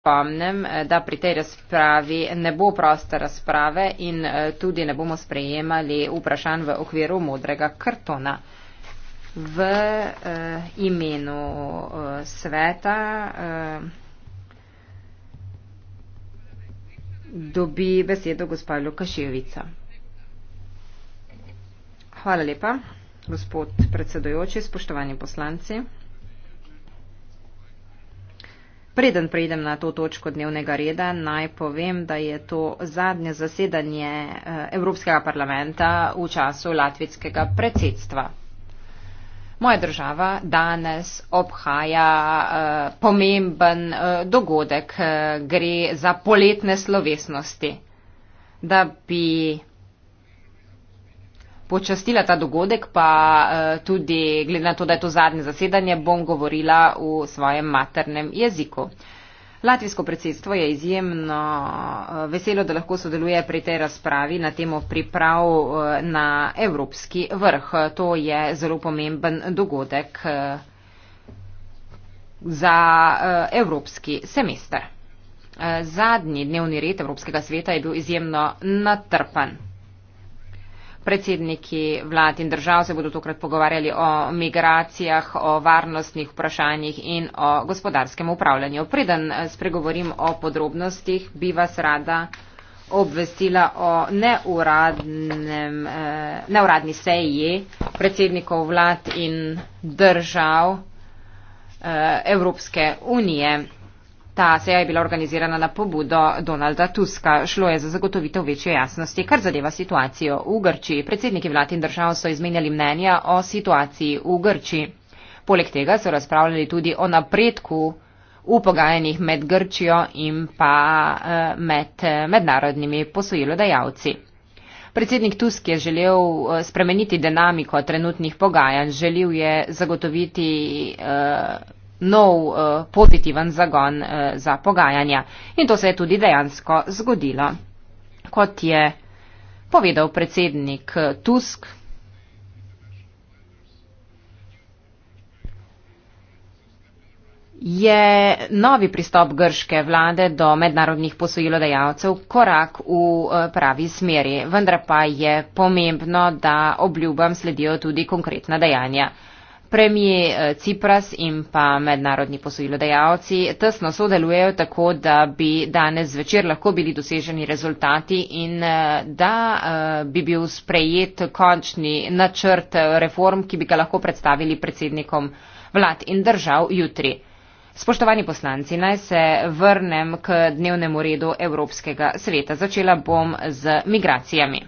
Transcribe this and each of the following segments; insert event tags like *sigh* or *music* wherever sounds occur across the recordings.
Spomnim, eh, da pri tej razpravi ne bo proste razprave in eh, tudi ne bomo sprejemali vprašanj v okviru modrega kartona. V eh, imenu eh, sveta eh, dobi besedo gospa Lukaševica. Hvala lepa, gospod predsedojoči, spoštovani poslanci. Preden preidem na to točko dnevnega reda, naj povem, da je to zadnje zasedanje eh, Evropskega parlamenta v času latvijskega predsedstva. Moja država danes obhaja eh, pomemben eh, dogodek, eh, gre za poletne slovesnosti. Da bi počastila ta dogodek, pa eh, tudi glede na to, da je to zadnje zasedanje, bom govorila v svojem maternem jeziku. Latvijsko predsedstvo je izjemno eh, veselo, da lahko sodeluje pri tej razpravi na temo priprav eh, na Evropski vrh. To je zelo pomemben dogodek za Evropski semester. Zadnji dnevni red Evropskega sveta je bil izjemno natrpan. Predsedniki vlad in držav se bodo tokrat pogovarjali o migracijah, o varnostnih vprašanjih in o gospodarskem upravljanju. Preden eh, spregovorim o podrobnostih, bi vas rada obvestila o neuradnem, eh, neuradni seji predsednikov vlad in držav eh, Evropske unije. Ta seja je bila organizirana na pobudo Donalda Tuska. Šlo je za zagotovitev večje jasnosti, kar zadeva situacijo v Grčiji. Predsedniki vlad in držav so izmenjali mnenja o situaciji v Grčiji. Poleg tega so razpravljali tudi o napredku v pogajanjih med Grčijo in pa eh, med eh, mednarodnimi posojilodajalci. Predsednik Tusk je želel eh, spremeniti dinamiko trenutnih pogajanj, želel je zagotoviti. Uh, nov eh, pozitiven zagon eh, za pogajanja. In to se je tudi dejansko zgodilo. Kot je povedal predsednik eh, Tusk, je novi pristop grške vlade do mednarodnih posojilodajalcev korak v pravi smeri, vendar pa je pomembno, da obljubam sledijo tudi konkretna dejanja. Premije eh, Cipras in pa mednarodni posojilodajalci tesno sodelujejo tako, da bi danes zvečer lahko bili doseženi rezultati in eh, da eh, bi bil sprejet končni načrt reform, ki bi ga lahko predstavili predsednikom vlad in držav jutri. Spoštovani poslanci, naj se vrnem k dnevnemu redu Evropskega sveta. Začela bom z migracijami.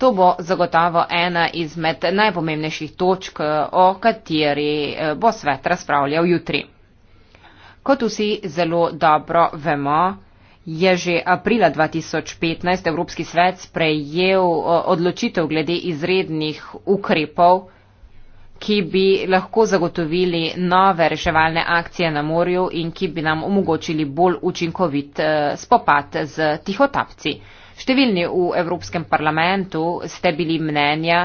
To bo zagotovo ena izmed najpomembnejših točk, eh, o kateri eh, bo svet razpravljal jutri. Kot vsi zelo dobro vemo, je že aprila 2015 Evropski svet sprejel eh, odločitev glede izrednih ukrepov, ki bi lahko zagotovili nove reševalne akcije na morju in ki bi nam omogočili bolj učinkovit spopad z tihotapci. Številni v Evropskem parlamentu ste bili mnenja,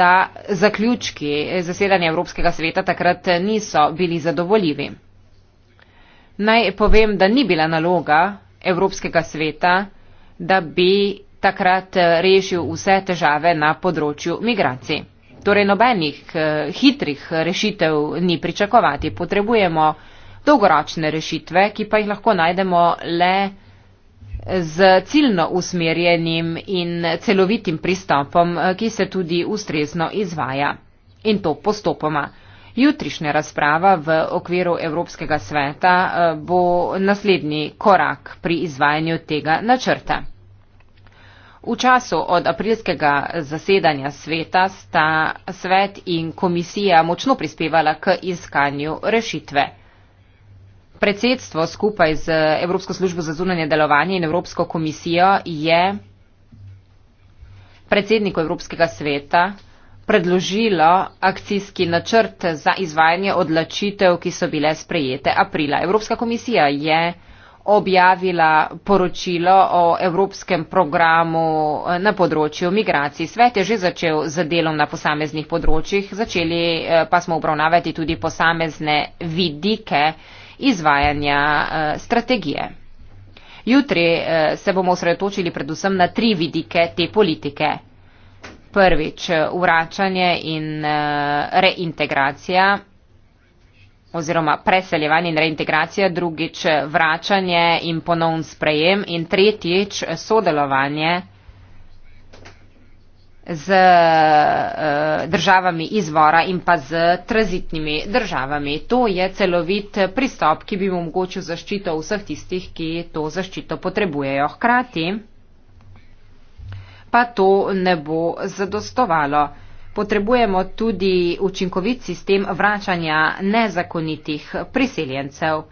da zaključki zasedanja Evropskega sveta takrat niso bili zadovoljivi. Naj povem, da ni bila naloga Evropskega sveta, da bi takrat rešil vse težave na področju migracij. Torej nobenih eh, hitrih rešitev ni pričakovati. Potrebujemo dolgoročne rešitve, ki pa jih lahko najdemo le z ciljno usmerjenim in celovitim pristopom, eh, ki se tudi ustrezno izvaja. In to postopoma. Jutrišnja razprava v okviru Evropskega sveta eh, bo naslednji korak pri izvajanju tega načrta. V času od aprilskega zasedanja sveta sta svet in komisija močno prispevala k iskanju rešitve. Predsedstvo skupaj z Evropsko službo za zunanje delovanje in Evropsko komisijo je predsedniku Evropskega sveta predložilo akcijski načrt za izvajanje odločitev, ki so bile sprejete aprila. Evropska komisija je objavila poročilo o evropskem programu eh, na področju migracij. Svet je že začel z delom na posameznih področjih, začeli eh, pa smo obravnavati tudi posamezne vidike, izvajanja eh, strategije. Jutri eh, se bomo osredotočili predvsem na tri vidike te politike. Prvič, eh, vračanje in reintegracija oziroma preseljevanje in reintegracija, drugič vračanje in ponovn sprejem in tretjič sodelovanje z uh, državami izvora in pa z tranzitnimi državami. To je celovit pristop, ki bi omogočil zaščito vseh tistih, ki to zaščito potrebujejo. Hkrati pa to ne bo zadostovalo. Potrebujemo tudi učinkovit sistem vračanja nezakonitih priseljencev.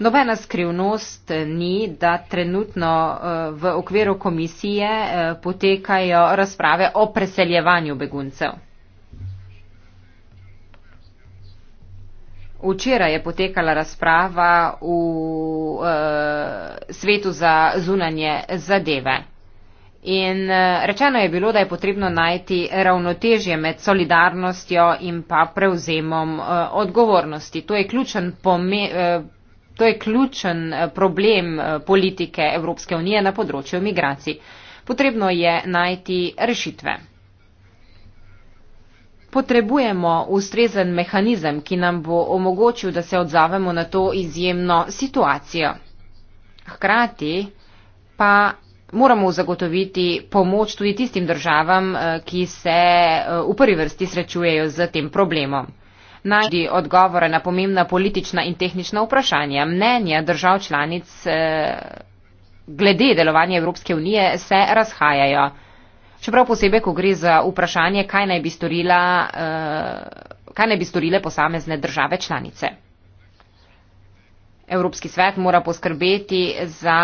Nobena skrivnost ni, da trenutno eh, v okviru komisije eh, potekajo razprave o preseljevanju beguncev. Včeraj je potekala razprava v e, svetu za zunanje zadeve. In rečeno je bilo, da je potrebno najti ravnotežje med solidarnostjo in pa prevzemom e, odgovornosti. To je ključen pomen. E, To je ključen eh, problem eh, politike Evropske unije na področju migracij. Potrebno je najti rešitve. Potrebujemo ustrezen mehanizem, ki nam bo omogočil, da se odzavemo na to izjemno situacijo. Hkrati pa moramo zagotoviti pomoč tudi tistim državam, eh, ki se v prvi vrsti srečujejo z tem problemom najdi odgovore na pomembna politična in tehnična vprašanja. Mnenja držav članic eh, glede delovanja Evropske unije se razhajajo. Čeprav posebej, ko gre za vprašanje, kaj naj bi, storila, eh, kaj naj bi storile posamezne države članice. Evropski svet mora poskrbeti za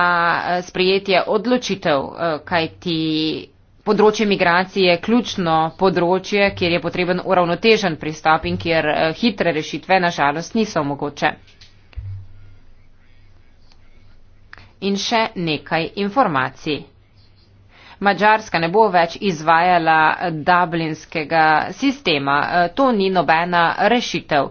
eh, sprejetje odločitev, kajti Področje migracij je ključno področje, kjer je potreben uravnotežen pristop in kjer eh, hitre rešitve na žalost niso mogoče. In še nekaj informacij. Mačarska ne bo več izvajala dublinskega sistema. Eh, to ni nobena rešitev.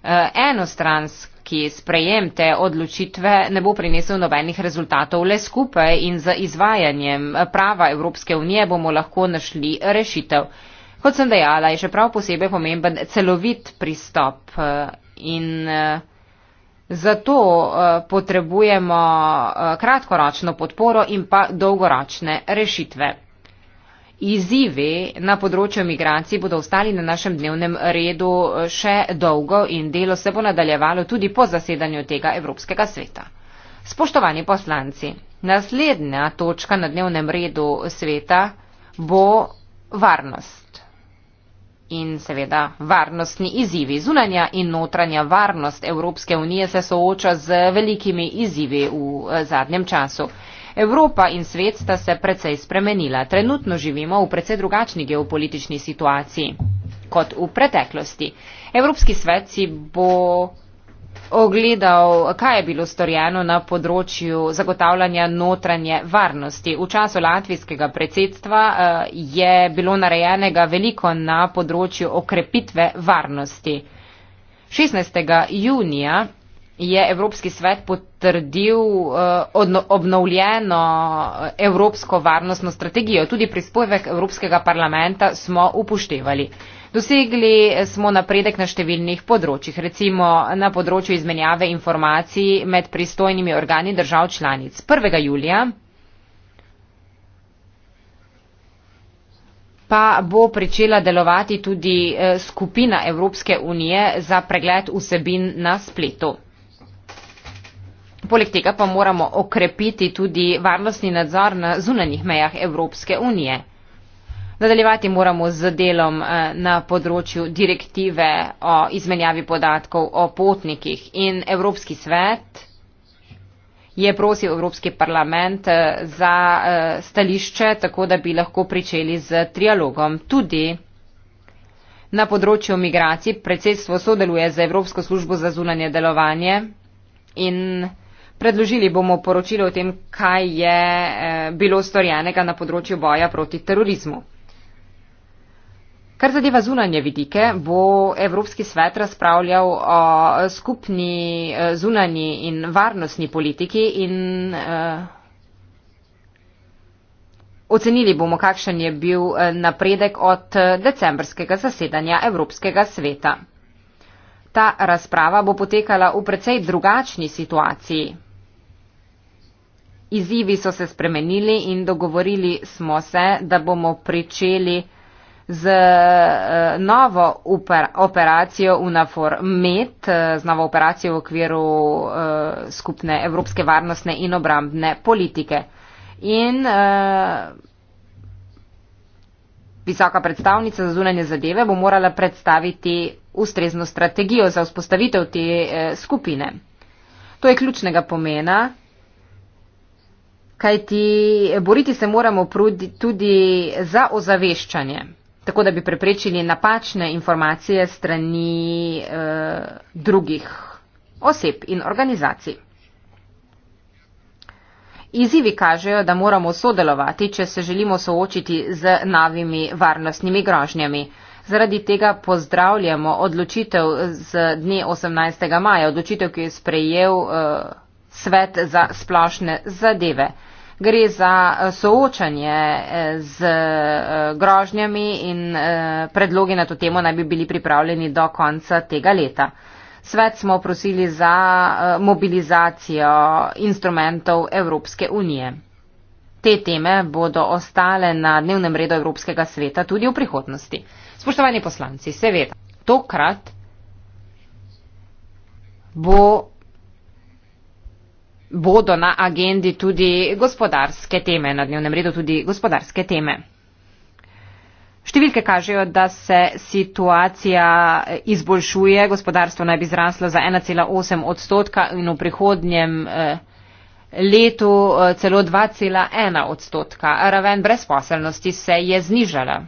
Eh, enostransk ki sprejem te odločitve ne bo prinesel nobenih rezultatov, le skupaj in z izvajanjem prava Evropske unije bomo lahko našli rešitev. Kot sem dejala, je še prav posebej pomemben celovit pristop eh, in eh, zato eh, potrebujemo kratkoročno podporo in pa dolgoročne rešitve. Izzivi na področju migracij bodo ostali na našem dnevnem redu eh, še dolgo in delo se bo nadaljevalo tudi po zasedanju tega Evropskega sveta. Spoštovani poslanci, naslednja točka na dnevnem redu sveta bo varnost. In seveda varnostni izzivi. Zunanja in notranja varnost Evropske unije se sooča z velikimi izzivi v eh, zadnjem času. Evropa in svet sta se precej spremenila. Trenutno živimo v precej drugačni geopolitični situaciji kot v preteklosti. Evropski svet si bo ogledal, kaj je bilo storjeno na področju zagotavljanja notranje varnosti. V času latvijskega predsedstva eh, je bilo narejenega veliko na področju okrepitve varnosti. 16. junija je Evropski svet potrdil eh, obnovljeno eh, Evropsko varnostno strategijo. Tudi prispevek Evropskega parlamenta smo upoštevali. Dosegli smo napredek na številnih področjih, recimo na področju izmenjave informacij med pristojnimi organi držav članic. 1. julija pa bo pričela delovati tudi eh, skupina Evropske unije za pregled vsebin na spletu. Poleg tega pa moramo okrepiti tudi varnostni nadzor na zunanih mejah Evropske unije. Nadaljevati moramo z delom eh, na področju direktive o izmenjavi podatkov o potnikih in Evropski svet je prosil Evropski parlament eh, za eh, stališče, tako da bi lahko pričeli z trialogom. Tudi na področju migracij predsedstvo sodeluje z Evropsko službo za zunanje delovanje in Predložili bomo poročilo o tem, kaj je eh, bilo storjenega na področju boja proti terorizmu. Kar zadeva zunanje vidike, bo Evropski svet razpravljal o skupni eh, zunanji in varnostni politiki in eh, ocenili bomo, kakšen je bil napredek od decembrskega zasedanja Evropskega sveta. Ta razprava bo potekala v precej drugačni situaciji. Izzivi so se spremenili in dogovorili smo se, da bomo pričeli z eh, novo upar, operacijo UNAFOR MED, eh, z novo operacijo v okviru uh, skupne evropske varnostne in obrambne politike. In uh, visoka predstavnica za zunanje zadeve bo morala predstaviti ustrezno strategijo za vzpostavitev te uh, skupine. To je ključnega pomena kajti boriti se moramo tudi za ozaveščanje, tako da bi preprečili napačne informacije strani eh, drugih oseb in organizacij. Izivi kažejo, da moramo sodelovati, če se želimo soočiti z novimi varnostnimi grožnjami. Zaradi tega pozdravljamo odločitev z dne 18. maja, odločitev, ki je sprejel eh, Svet za splošne zadeve gre za eh, soočanje eh, z eh, grožnjami in predlogi na to temo naj bi bili pripravljeni do konca tega leta. Svet smo prosili za mobilizacijo instrumentov Evropske unije. Te teme bodo ostale na dnevnem redu Evropskega sveta tudi v prihodnosti. Spoštovani poslanci, seveda, tokrat bo bodo na agendi tudi gospodarske teme, na dnevnem redu tudi gospodarske teme. Številke kažejo, da se situacija izboljšuje, gospodarstvo naj bi zraslo za 1,8 odstotka in v prihodnjem eh, letu eh, celo 2,1 odstotka. Raven brezposelnosti se je znižala.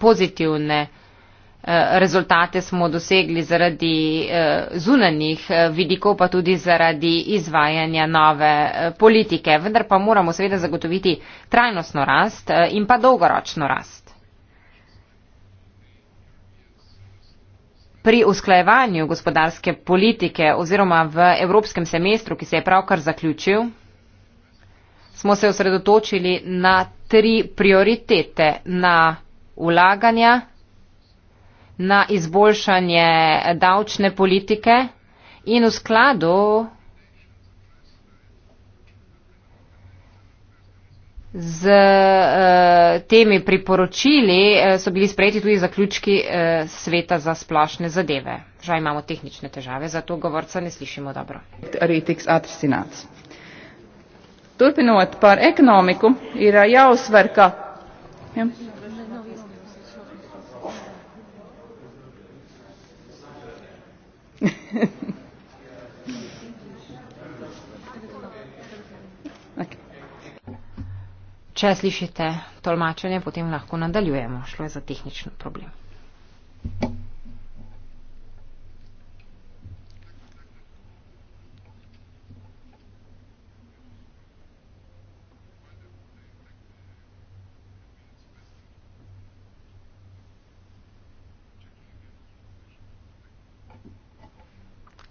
Pozitivne. Eh, rezultate smo dosegli zaradi eh, zunanih eh, vidikov, pa tudi zaradi izvajanja nove politike. Vendar pa moramo seveda zagotoviti trajnostno rast in pa dolgoročno rast. Pri usklajevanju gospodarske politike oziroma v evropskem semestru, ki se je pravkar zaključil, smo se osredotočili na tri prioritete, na vlaganja, na izboljšanje davčne politike in v skladu z eh, temi priporočili eh, so bili sprejeti tudi zaključki eh, sveta za splošne zadeve. Žal imamo tehnične težave, zato govorca ne slišimo dobro. Turpinot par ekonomiku, ir jāuzsver, ka. Ja. *laughs* Če slišite tolmačenje, potem lahko nadaljujemo. Šlo je za tehnični problem.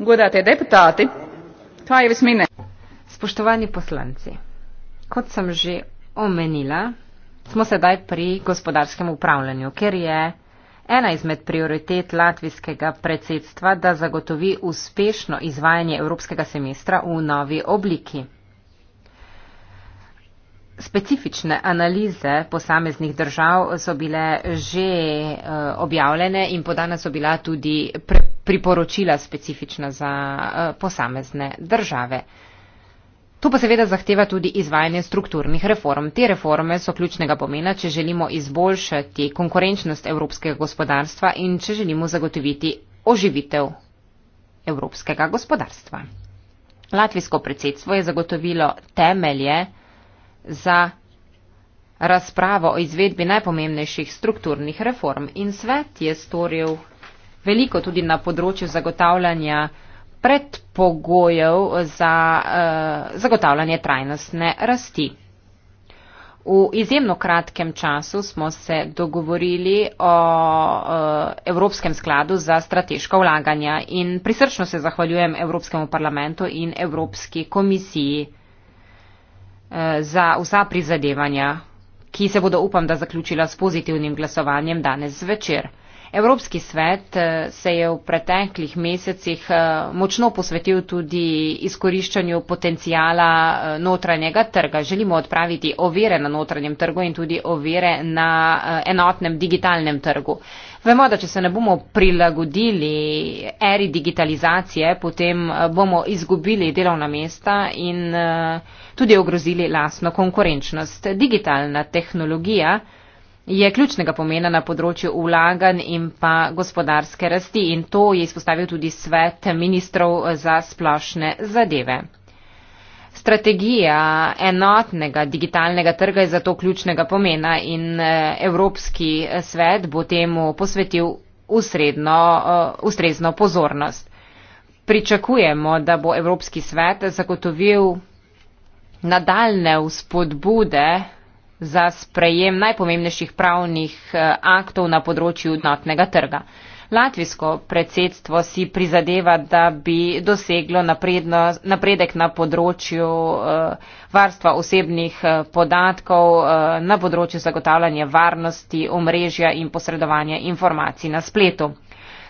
Godate deputati, kaj je vesmine? Spoštovani poslanci, kot sem že omenila, smo sedaj pri gospodarskem upravljanju, ker je ena izmed prioritet latvijskega predsedstva, da zagotovi uspešno izvajanje evropskega semestra v novi obliki. Specifične analize posameznih držav so bile že eh, objavljene in podana so bila tudi preporočila priporočila specifična za eh, posamezne države. To pa seveda zahteva tudi izvajanje strukturnih reform. Te reforme so ključnega pomena, če želimo izboljšati konkurenčnost evropskega gospodarstva in če želimo zagotoviti oživitev evropskega gospodarstva. Latvijsko predsedstvo je zagotovilo temelje za razpravo o izvedbi najpomembnejših strukturnih reform in svet je storil veliko tudi na področju zagotavljanja predpogojev za uh, zagotavljanje trajnostne rasti. V izjemno kratkem času smo se dogovorili o eh, Evropskem skladu za strateško vlaganja in prisrčno se zahvaljujem Evropskemu parlamentu in Evropski komisiji eh, za vsa prizadevanja, ki se bodo upam, da zaključila s pozitivnim glasovanjem danes zvečer. Evropski svet eh, se je v preteklih mesecih eh, močno posvetil tudi izkoriščanju potencijala eh, notranjega trga. Želimo odpraviti ovire na notranjem trgu in tudi ovire na enotnem digitalnem trgu. Vemo, da če se ne bomo prilagodili eri digitalizacije, potem bomo izgubili delovna mesta in tudi ogrozili lasno konkurenčnost. Digitalna tehnologija je ključnega pomena na področju vlaganj in pa gospodarske rasti in to je izpostavil tudi svet ministrov za splošne zadeve. Strategija enotnega digitalnega trga je zato ključnega pomena in eh, Evropski svet bo temu posvetil usredno, eh, ustrezno pozornost. Pričakujemo, da bo Evropski svet zagotovil nadaljne vzpodbude za sprejem najpomembnejših pravnih eh, aktov na področju notnega trga. Latvijsko predsedstvo si prizadeva, da bi doseglo napredno, napredek na področju uh, varstva osebnih eh, podatkov, uh, na področju zagotavljanja varnosti omrežja in posredovanja informacij na spletu.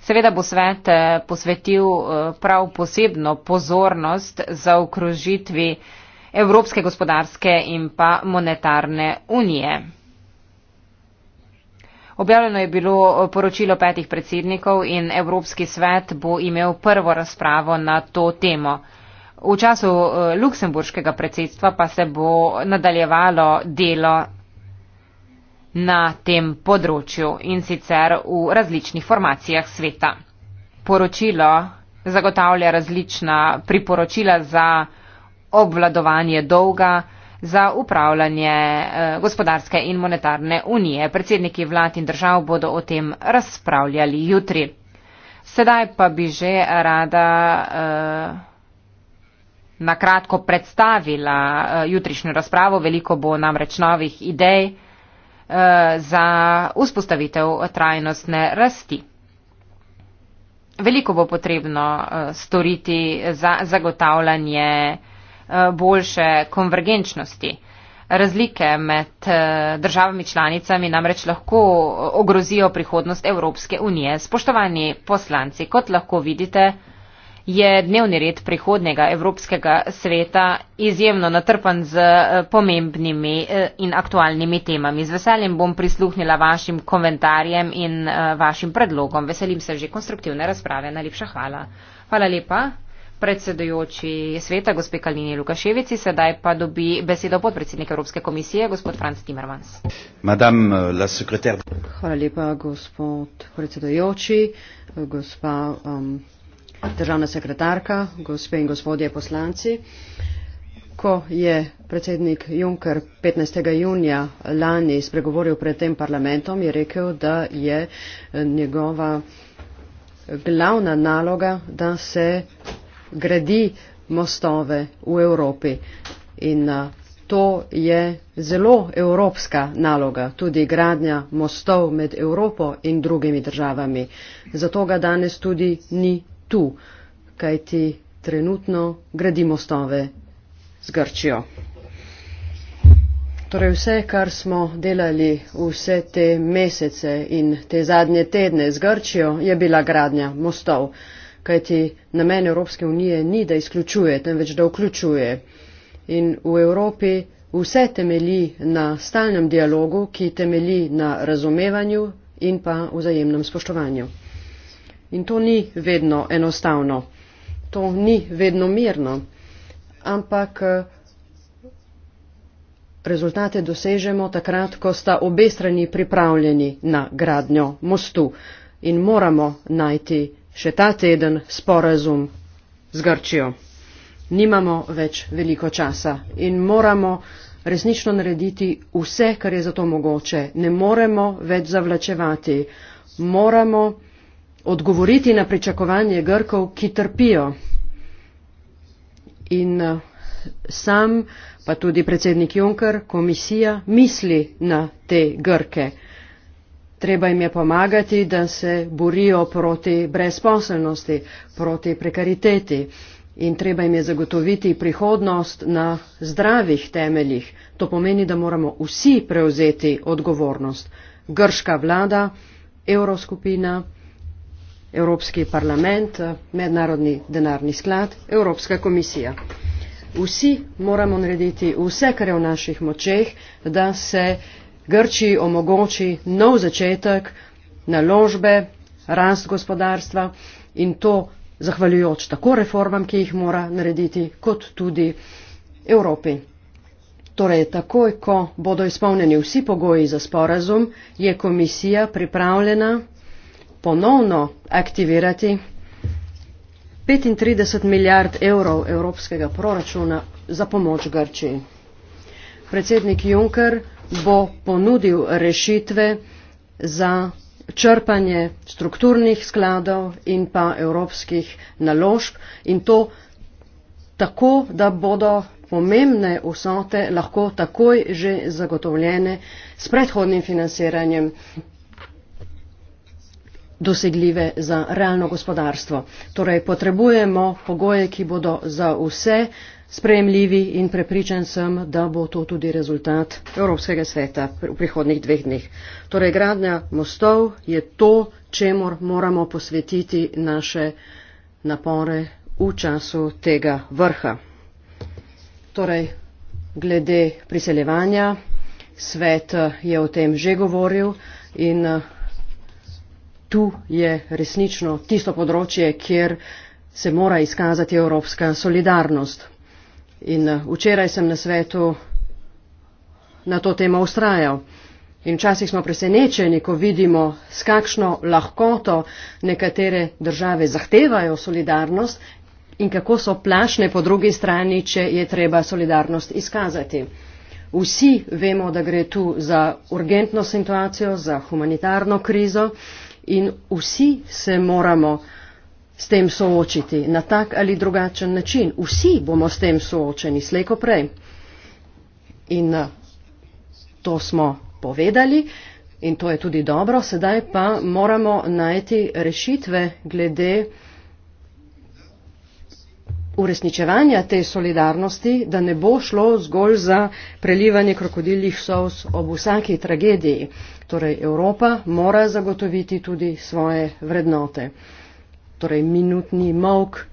Seveda bo svet posvetil uh, prav posebno pozornost za okrožitvi uh, Evropske gospodarske in pa monetarne unije. Objavljeno je bilo poročilo petih predsednikov in Evropski svet bo imel prvo razpravo na to temo. V času eh, luksemburškega predsedstva pa se bo nadaljevalo delo na tem področju in sicer v različnih formacijah sveta. Poročilo zagotavlja različna priporočila za obvladovanje dolga za upravljanje eh, gospodarske in monetarne unije. Predsedniki vlad in držav bodo o tem razpravljali jutri. Sedaj pa bi že rada uh, eh, nakratko predstavila uh, jutrišnjo razpravo. Veliko bo namreč novih idej uh, za vzpostavitev trajnostne rasti. Veliko bo potrebno uh, storiti za zagotavljanje uh, Eh, boljše konvergenčnosti. Razlike med eh, državami članicami namreč lahko eh, ogrozijo prihodnost Evropske unije. Spoštovani poslanci, kot lahko vidite, je dnevni red prihodnega Evropskega sveta izjemno natrpan z pomembnimi in aktualnimi temami. Z veseljem bom prisluhnila vašim komentarjem in vašim predlogom. Veselim se že konstruktivne razprave. Najlepša hvala. Hvala lepa predsedujoči sveta, gospe Kalini Lukaševici, sedaj pa dobi besedo podpredsednik Evropske komisije, gospod Franc Timmermans. Euh, Hvala lepa, gospod predsedujoči, gospa um, državna sekretarka, gospe in gospodje poslanci. Ko je predsednik Juncker 15. junija lani spregovoril pred tem parlamentom, je rekel, da je eh, njegova glavna naloga, da se gradi mostove v Evropi. In to je zelo evropska naloga, tudi gradnja mostov med Evropo in drugimi državami. Zato ga danes tudi ni tu, kajti trenutno gradi mostove z Grčijo. Torej vse, kar smo delali vse te mesece in te zadnje tedne z Grčijo, je bila gradnja mostov kajti namen Evropske unije ni, da izključuje, temveč da vključuje. In v Evropi vse temeli na stalnem dialogu, ki temeli na razumevanju in pa vzajemnem spoštovanju. In to ni vedno enostavno, to ni vedno mirno, ampak eh, rezultate dosežemo takrat, ko sta obe strani pripravljeni na gradnjo mostu in moramo najti še ta teden sporazum z Grčijo. Nimamo več veliko časa in moramo resnično narediti vse, kar je za to mogoče. Ne moremo več zavlačevati. Moramo odgovoriti na pričakovanje Grkov, ki trpijo. In eh, sam, pa tudi predsednik Juncker, komisija misli na te Grke. Treba jim je pomagati, da se borijo proti brezposelnosti, proti prekariteti in treba jim je zagotoviti prihodnost na zdravih temeljih. To pomeni, da moramo vsi prevzeti odgovornost. Grška vlada, Evroskupina, Evropski parlament, Mednarodni denarni sklad, Evropska komisija. Vsi moramo narediti vse, kar je v naših močeh, da se Grčiji omogoči nov začetek naložbe, rast gospodarstva in to zahvaljujoč tako reformam, ki jih mora narediti, kot tudi Evropi. Torej, takoj, ko bodo izpolnjeni vsi pogoji za sporazum, je komisija pripravljena ponovno aktivirati 35 milijard evrov evropskega proračuna za pomoč Grčiji. Predsednik Juncker bo ponudil rešitve za črpanje strukturnih skladov in pa evropskih naložb in to tako, da bodo pomembne vsote lahko takoj že zagotovljene s predhodnim financiranjem dosegljive za realno gospodarstvo. Torej potrebujemo pogoje, ki bodo za vse uh, sprejemljivi in prepričan sem, da bo to tudi rezultat Evropskega sveta v prihodnih dveh dneh. Torej, gradnja mostov je to, čemor moramo posvetiti naše napore v času tega vrha. Torej, glede priseljevanja, svet je o tem že govoril in tu je resnično tisto področje, kjer se mora izkazati evropska solidarnost. In eh, včeraj sem na svetu na to temo ustrajal. In včasih smo presenečeni, ko vidimo, s kakšno lahkoto nekatere države zahtevajo solidarnost in kako so plašne po drugi strani, če je treba solidarnost izkazati. Vsi vemo, da gre tu za urgentno situacijo, za humanitarno krizo in vsi se moramo s tem soočiti na tak ali drugačen način. Vsi bomo s tem soočeni slejko prej. In eh, to smo povedali in to je tudi dobro. Sedaj pa moramo najti rešitve glede uresničevanja te solidarnosti, da ne bo šlo zgolj za prelivanje krokodiljih sovs ob vsaki tragediji. Torej Evropa mora zagotoviti tudi svoje vrednote torej minutni mok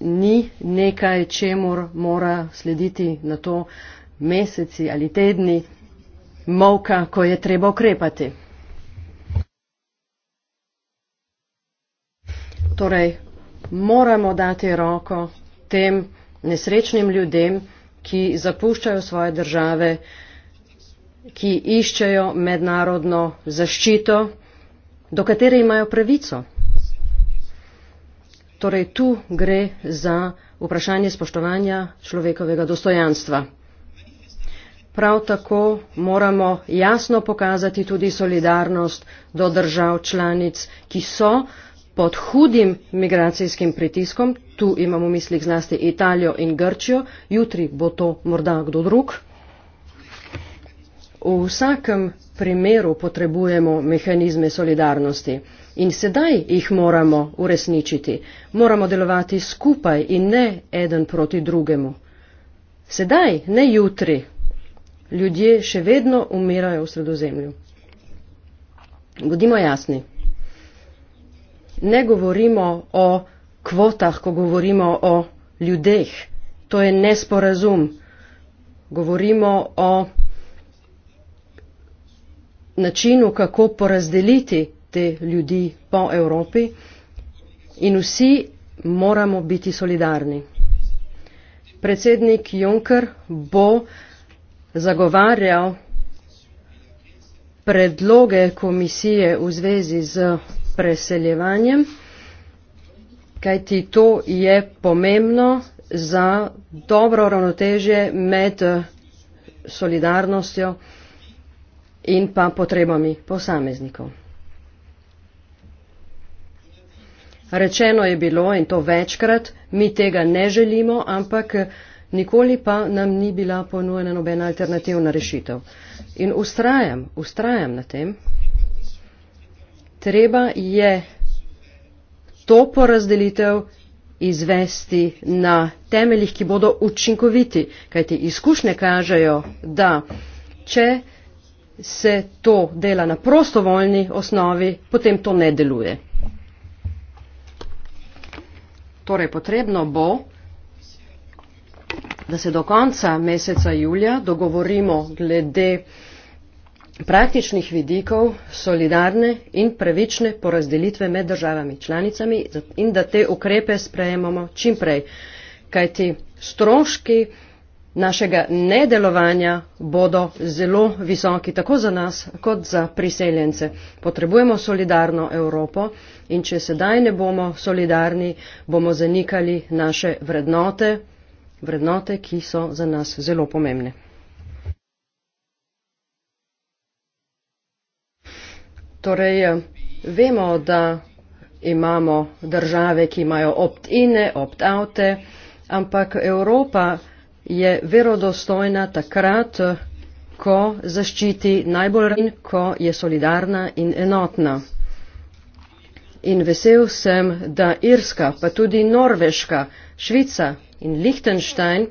ni nekaj, čemur mora slediti na to meseci ali tedni mavka, ko je treba ukrepati. Torej, moramo dati roko tem nesrečnim ljudem, ki zapuščajo svoje države, ki iščejo mednarodno zaščito, do katere imajo pravico. Torej tu gre za vprašanje spoštovanja človekovega dostojanstva. Prav tako moramo jasno pokazati tudi solidarnost do držav članic, ki so pod hudim migracijskim pritiskom, tu imamo v mislih zlasti Italijo in Grčijo, jutri bo to morda kdo drug, V vsakem primeru potrebujemo mehanizme solidarnosti in sedaj jih moramo uresničiti. Moramo delovati skupaj in ne eden proti drugemu. Sedaj, ne jutri. Ljudje še vedno umirajo v sredozemlju. Bodimo jasni. Ne govorimo o kvotah, ko govorimo o ljudeh. To je nesporazum. Govorimo o načinu, kako porazdeliti te ljudi po Evropi in vsi moramo biti solidarni. Predsednik Juncker bo zagovarjal predloge komisije v zvezi z preseljevanjem, kajti to je pomembno za dobro ravnotežje med solidarnostjo in pa potrebami posameznikov. Rečeno je bilo in to večkrat, mi tega ne želimo, ampak nikoli pa nam ni bila ponujena nobena alternativna rešitev. In ustrajam, ustrajam na tem, treba je to porazdelitev izvesti na temeljih, ki bodo učinkoviti, kajti izkušnje kažejo, da če se to dela na prostovoljni osnovi, potem to ne deluje. Torej potrebno bo, da se do konca meseca julija dogovorimo glede praktičnih vidikov solidarne in pravične porazdelitve med državami članicami in da te ukrepe sprejemamo čimprej, kajti stroški našega nedelovanja bodo zelo visoki tako za nas kot za priseljence. Potrebujemo solidarno Evropo in če sedaj ne bomo solidarni, bomo zanikali naše vrednote, vrednote, ki so za nas zelo pomembne. Torej, vemo, da imamo države, ki imajo opt-ine, opt-oute, ampak Evropa je verodostojna takrat, ko zaščiti najbolj in ko je solidarna in enotna. In vesel sem, da Irska, pa tudi Norveška, Švica in Lichtenstein,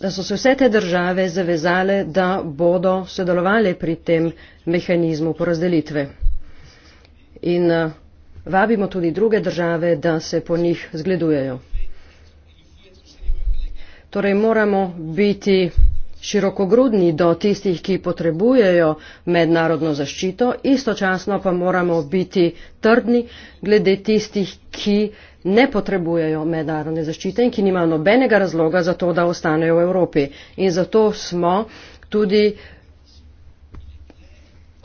da so se vse te države zavezale, da bodo sodelovali pri tem mehanizmu porazdelitve. In eh, vabimo tudi druge države, da se po njih zgledujejo. Torej moramo biti širokogrudni do tistih, ki potrebujejo mednarodno zaščito, istočasno pa moramo biti trdni glede tistih, ki ne potrebujejo mednarodne zaščite in ki nimajo nobenega razloga za to, da ostanejo v Evropi. In zato smo tudi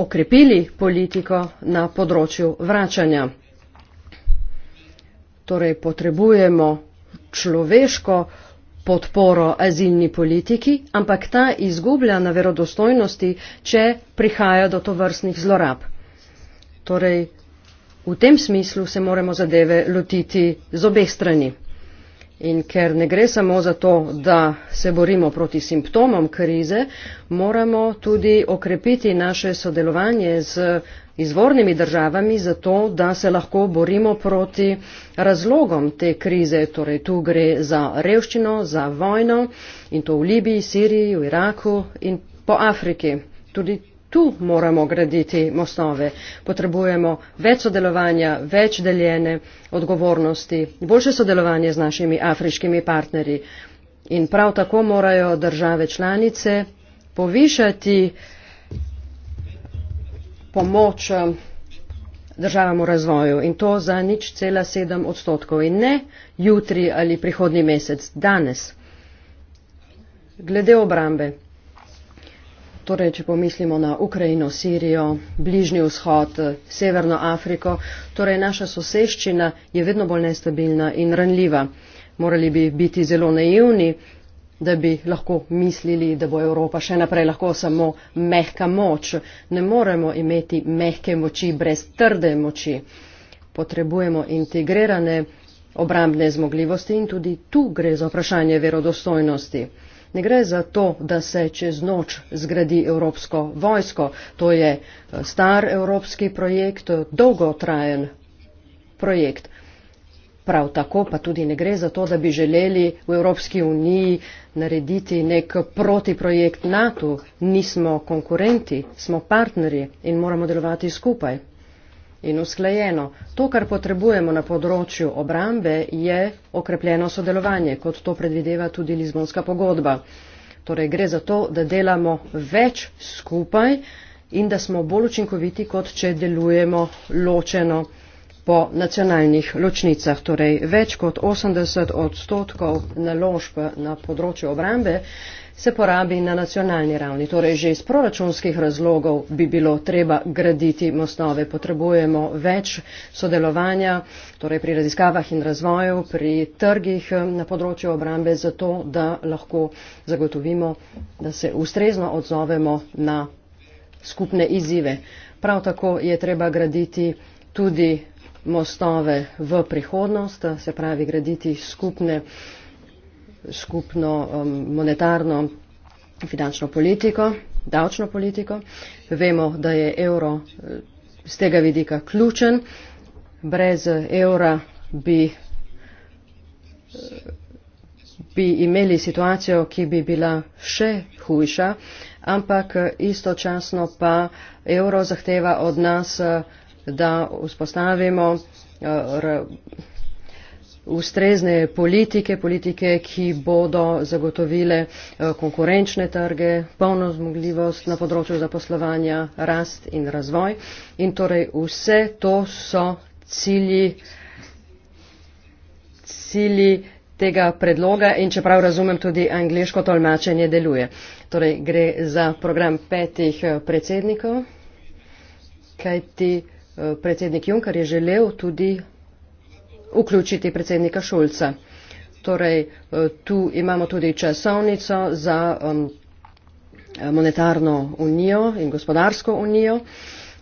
okrepili politiko na področju vračanja. Torej potrebujemo človeško podporo azilni politiki, ampak ta izgublja na verodostojnosti, če prihaja do tovrstnih zlorab. Torej, v tem smislu se moramo zadeve lotiti z obeh strani. In ker ne gre samo za to, da se borimo proti simptomom krize, moramo tudi okrepiti naše sodelovanje z izvornimi državami, zato da se lahko borimo proti razlogom te krize. Torej, tu gre za revščino, za vojno in to v Libiji, Siriji, v Iraku in po Afriki. Tudi tu moramo graditi mostove. Potrebujemo več sodelovanja, več deljene odgovornosti, boljše sodelovanje z našimi afriškimi partnerji. In prav tako morajo države članice povišati pomoč eh, državam v razvoju in to za nič cela sedem odstotkov in ne jutri ali prihodni mesec, danes. Glede obrambe. Torej, če pomislimo na Ukrajino, Sirijo, Bližnji vzhod, Severno Afriko, torej naša soseščina je vedno bolj nestabilna in ranljiva. Morali bi biti zelo naivni, da bi lahko mislili, da bo Evropa še naprej lahko samo mehka moč. Ne moremo imeti mehke moči brez trde moči. Potrebujemo integrirane obrambne zmogljivosti in tudi tu gre za vprašanje verodostojnosti. Ne gre za to, da se čez noč zgradi evropsko vojsko. To je eh, star evropski projekt, dolgotrajen projekt. Prav tako pa tudi ne gre za to, da bi želeli v Evropski uniji narediti nek protiprojekt NATO. Nismo konkurenti, smo partnerji in moramo delovati skupaj in usklajeno. To, kar potrebujemo na področju obrambe, je okrepljeno sodelovanje, kot to predvideva tudi Lizbonska pogodba. Torej gre za to, da delamo več skupaj in da smo bolj učinkoviti, kot če delujemo ločeno po nacionalnih ločnicah. Torej več kot 80 odstotkov naložb na področju obrambe se porabi na nacionalni ravni. Torej, že iz proračunskih razlogov bi bilo treba graditi mostove. Potrebujemo več sodelovanja torej pri raziskavah in razvoju, pri trgih eh, na področju obrambe, zato da lahko zagotovimo, da se ustrezno odzovemo na skupne izzive. Prav tako je treba graditi tudi mostove v prihodnost, se pravi graditi skupne skupno um, monetarno finančno politiko, davčno politiko. Vemo, da je evro z eh, tega vidika ključen. Brez eh, evra bi, eh, bi imeli situacijo, ki bi bila še hujša, ampak istočasno pa evro zahteva od nas, da vzpostavimo ustrezne politike, politike, ki bodo zagotovile eh, konkurenčne trge, polno zmogljivost na področju zaposlovanja, rast in razvoj. In torej vse to so cilji, cilji tega predloga in čeprav razumem tudi angliško tolmačenje deluje. Torej gre za program petih eh, predsednikov, kajti eh, predsednik Junker je želel tudi vključiti predsednika Šulca. Torej, eh, tu imamo tudi časovnico za um, monetarno unijo in gospodarsko unijo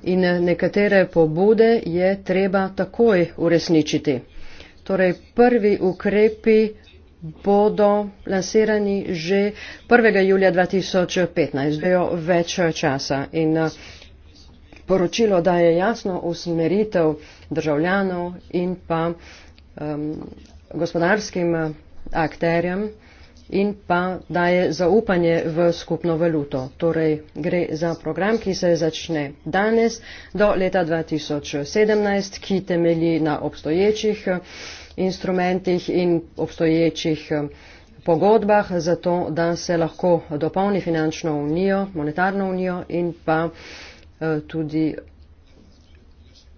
in eh, nekatere pobude je treba takoj uresničiti. Torej, prvi ukrepi bodo lansirani že 1. julija 2015, bojo več časa in eh, poročilo daje jasno usmeritev državljanov in pa uh, um, gospodarskim eh, akterjem in pa daje zaupanje v skupno valuto. Torej gre za program, ki se začne danes do leta 2017, ki temelji na obstoječih eh, instrumentih in obstoječih eh, pogodbah, zato da se lahko dopolni finančno unijo, monetarno unijo in pa tudi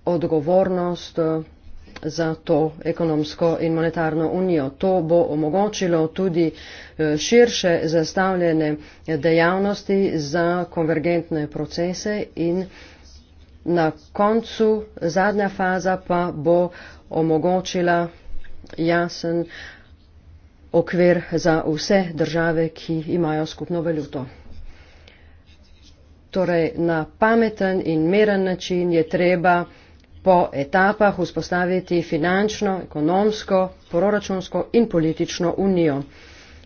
odgovornost za to ekonomsko in monetarno unijo. To bo omogočilo tudi eh, širše zastavljene dejavnosti za konvergentne procese in na koncu zadnja faza pa bo omogočila jasen okvir za vse države, ki imajo skupno valuto. Torej, na pameten in meren način je treba po etapah vzpostaviti finančno, ekonomsko, proračunsko in politično unijo.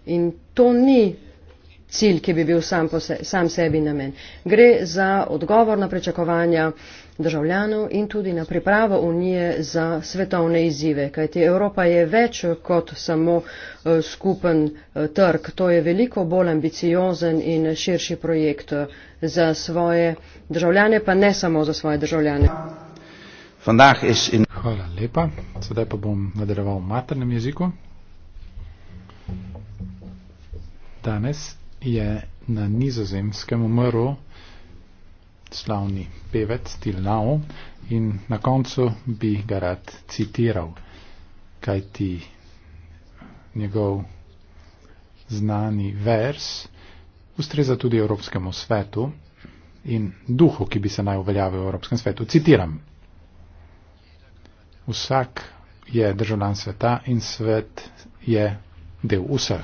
In to ni cilj, ki bi bil sam, se, sam sebi namen. Gre za odgovor na pričakovanja državljanov in tudi na pripravo unije za svetovne izzive, kajti Evropa je več kot samo eh, skupen eh, trg. To je veliko bolj ambiciozen in širši projekt eh, za svoje državljane, pa ne samo za svoje državljane. Vandaag is in. Hvala lepa. Sedaj pa bom nadaljeval v maternem jeziku. Danes je na nizozemskem umrl slavni pevec Tilnao in na koncu bi ga rad citiral, kaj ti njegov znani vers ustreza tudi Evropskemu svetu in duhu, ki bi se naj uveljavil v Evropskem svetu. Citiram vsak je državljan sveta in svet je del vseh.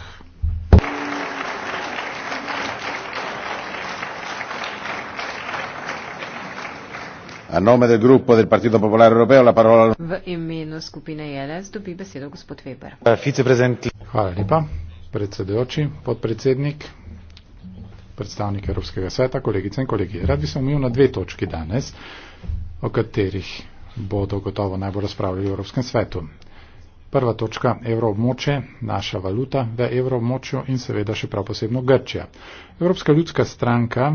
A nome del gruppo del Partito Popolare Europeo la parola al imenu skupine ELS dobi besedo gospod Weber. Eh, Hvala lepa, predsedujoči, podpredsednik, predstavnik Evropskega sveta, kolegice in kolegi. Rad bi se omil na dve točki danes, o katerih bodo gotovo najbolj razpravljali v Evropskem svetu. Prva točka je evroobmoče, naša valuta v evroobmočju in seveda še prav posebno Grčija. Evropska ljudska stranka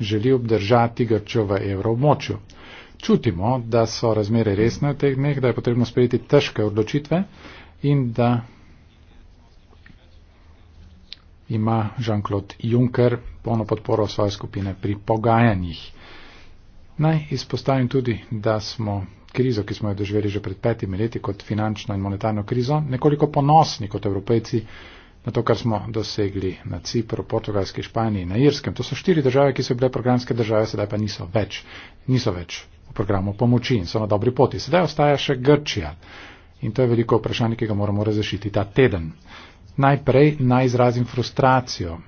želi obdržati Grčijo v evroobmočju. Čutimo, da so razmere resne v teh dneh, da je potrebno sprejeti težke odločitve in da ima Jean-Claude Juncker polno podporo svoje skupine pri pogajanjih. Naj izpostavim tudi, da smo krizo, ki smo jo doživeli že pred petimi leti kot finančno in monetarno krizo, nekoliko ponosni kot evropejci na to, kar smo dosegli na Cipru, Portugalski, Španiji, na Irskem. To so štiri države, ki so bile programske države, sedaj pa niso več, niso več v programu pomoči in so na dobri poti. Sedaj ostaja še Grčija in to je veliko vprašanje, ki ga moramo razrešiti ta teden. Najprej naj izrazim frustracijo,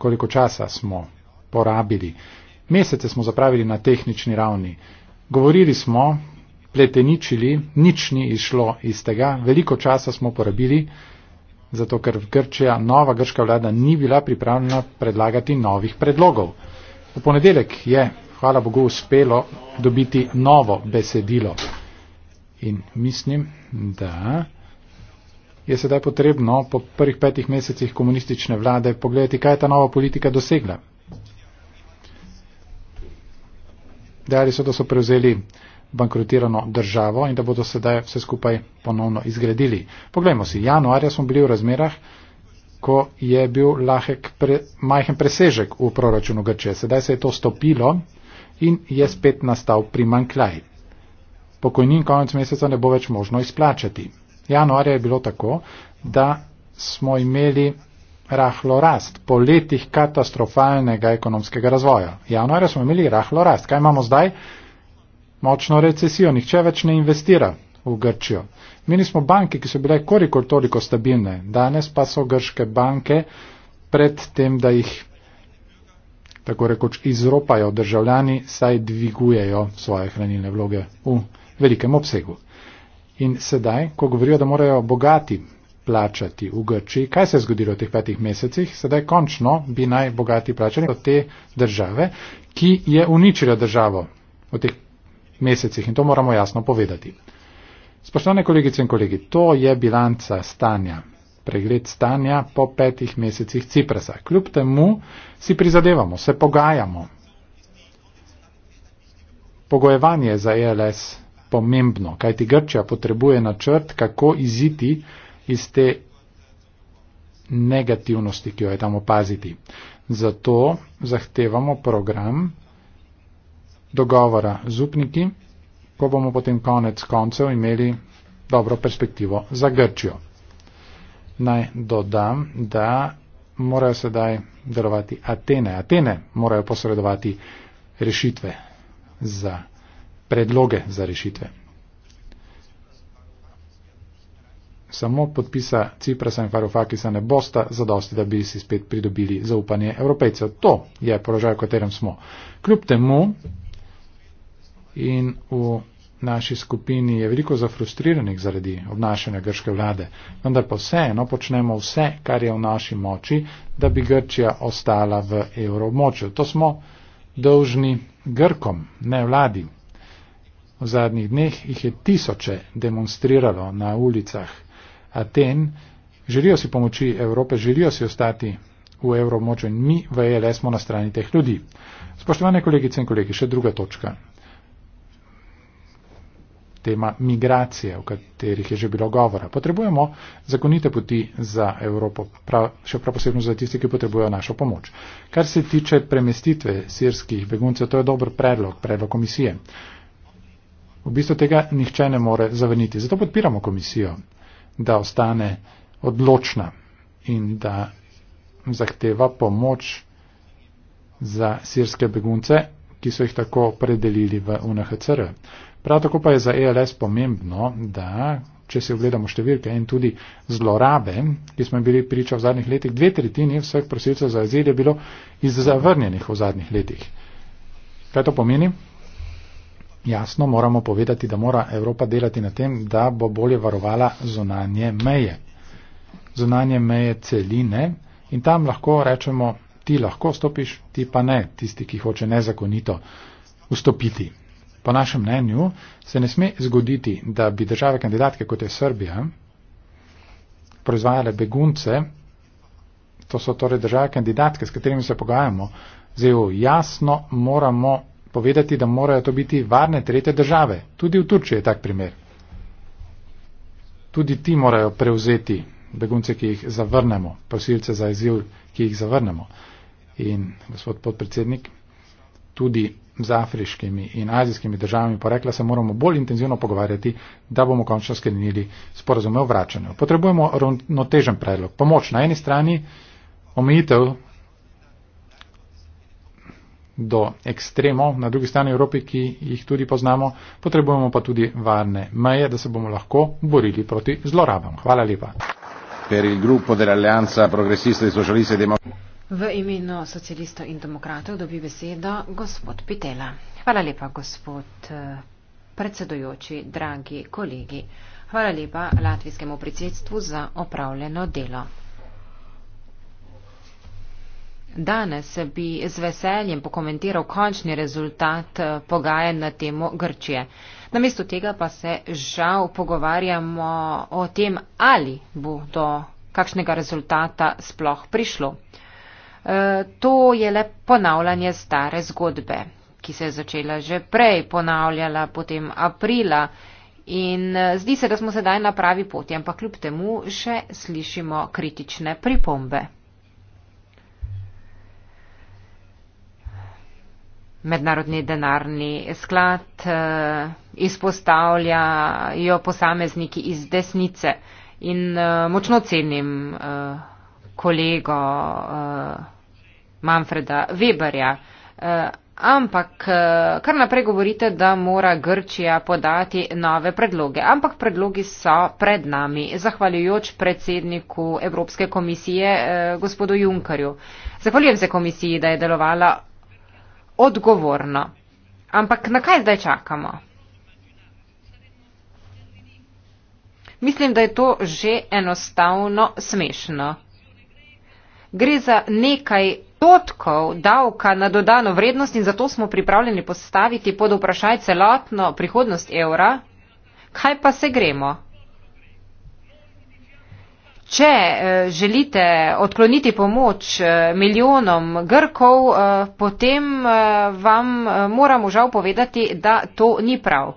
koliko časa smo porabili Mesece smo zapravili na tehnični ravni. Govorili smo, pleteničili, nič ni išlo iz tega, veliko časa smo porabili, zato ker Grčija, nova grška vlada ni bila pripravljena predlagati novih predlogov. V ponedeljek je, hvala Bogu, uspelo dobiti novo besedilo. In mislim, da je sedaj potrebno po prvih petih mesecih komunistične vlade pogledati, kaj je ta nova politika dosegla. dejali so, da so prevzeli bankrotirano državo in da bodo sedaj vse skupaj ponovno izgradili. Poglejmo si, januarja smo bili v razmerah, ko je bil lahek, pre, majhen presežek v proračunu Grče. Sedaj se je to stopilo in je spet nastal primankljaj. Pokojnin konec meseca ne bo več možno izplačati. Januarja je bilo tako, da smo imeli rahlo rast po letih katastrofalnega ekonomskega razvoja. Januarja smo imeli rahlo rast. Kaj imamo zdaj? Močno recesijo. Nihče več ne investira v Grčijo. Imeli smo banke, ki so bile koliko toliko stabilne. Danes pa so grške banke pred tem, da jih tako rekoč izropajo državljani, saj dvigujejo svoje hranilne vloge v velikem obsegu. In sedaj, ko govorijo, da morajo bogati plačati v Grčiji. Kaj se je zgodilo v teh petih mesecih? Sedaj končno bi naj bogati plačali od te države, ki je uničila državo v teh mesecih in to moramo jasno povedati. Spoštovane kolegice in kolegi, to je bilanca stanja, pregled stanja po petih mesecih Ciprasa. Kljub temu si prizadevamo, se pogajamo. Pogojevanje za ELS pomembno, kajti Grčija potrebuje načrt, kako iziti iz te negativnosti, ki jo je tam opaziti. Zato zahtevamo program dogovora z upniki, ko bomo potem konec koncev imeli dobro perspektivo za Grčijo. Naj dodam, da morajo sedaj delovati Atene. Atene morajo posredovati rešitve za predloge za rešitve. samo podpisa Ciprasa in Varoufakisa ne bosta zadosti, da bi si spet pridobili zaupanje evropejcev. To je položaj, v katerem smo. Kljub temu in v naši skupini je veliko zafrustriranih zaradi obnašanja grške vlade, vendar pa vseeno počnemo vse, kar je v naši moči, da bi Grčija ostala v evromočju. To smo dolžni Grkom, ne vladim. V zadnjih dneh jih je tisoče demonstriralo na ulicah Aten, želijo si pomoči Evrope, želijo si ostati v evromočju in mi v ELS smo na strani teh ljudi. Spoštovane kolegice in kolegi, še druga točka. Tema migracije, o katerih je že bilo govora. Potrebujemo zakonite poti za Evropo, prav, še prav posebno za tiste, ki potrebujejo našo pomoč. Kar se tiče premestitve sirskih beguncev, to je dober predlog, predlog komisije. V bistvu tega nihče ne more zavrniti. Zato podpiramo komisijo da ostane odločna in da zahteva pomoč za sirske begunce, ki so jih tako predelili v UNHCR. Prav tako pa je za ELS pomembno, da če si ogledamo številke in tudi zlorabe, ki smo bili priča v zadnjih letih, dve tretjini vseh prosilcev za azil je bilo iz zavrnjenih v zadnjih letih. Kaj to pomeni? jasno moramo povedati, da mora Evropa delati na tem, da bo bolje varovala zunanje meje. Zunanje meje celine in tam lahko rečemo, ti lahko stopiš, ti pa ne, tisti, ki hoče nezakonito vstopiti. Po našem mnenju se ne sme zgoditi, da bi države kandidatke, kot je Srbija, proizvajale begunce, to so torej države kandidatke, s katerimi se pogajamo, zelo jasno moramo povedati, da morajo to biti varne tretje države. Tudi v Turčiji je tak primer. Tudi ti morajo prevzeti begunce, ki jih zavrnemo, prosilce za izjiv, ki jih zavrnemo. In gospod podpredsednik, tudi z afriškimi in azijskimi državami porekla se moramo bolj intenzivno pogovarjati, da bomo končno sklenili sporozume o vračanju. Potrebujemo ravnotežen predlog. Pomoč na eni strani, omejitev do ekstremov, na drugi strani Evropi, ki jih tudi poznamo, potrebujemo pa tudi varne meje, da se bomo lahko borili proti zlorabam. Hvala lepa. E e v imenu socialistov in demokratov dobi besedo gospod Pitela. Hvala lepa, gospod eh, predsedujoči, dragi kolegi. Hvala lepa latvijskemu predsedstvu za opravljeno delo. Danes bi z veseljem pokomentiral končni rezultat eh, pogajen na temo Grčije. Namesto tega pa se žal pogovarjamo o tem, ali bo do kakšnega rezultata sploh prišlo. Eh, to je le ponavljanje stare zgodbe, ki se je začela že prej, ponavljala potem aprila in eh, zdi se, da smo sedaj na pravi poti, ampak kljub temu še slišimo kritične pripombe. Mednarodni denarni sklad eh, izpostavljajo posamezniki iz desnice in eh, močno cenim eh, kolego Manfreda Weberja. Ampak kar naprej govorite, da mora Grčija podati nove predloge. Ampak predlogi so pred nami, zahvaljujoč predsedniku Evropske komisije, gospodu Junkarju. Zahvaljujem se komisiji, da je delovala odgovorno. Ampak na kaj zdaj čakamo? Mislim, da je to že enostavno smešno. Gre za nekaj potkov davka na dodano vrednost in zato smo pripravljeni postaviti pod vprašaj celotno prihodnost evra. Kaj pa se gremo? Če eh, želite odkloniti pomoč eh, milijonom Grkov, eh, potem vam moramo žal povedati, da to ni prav.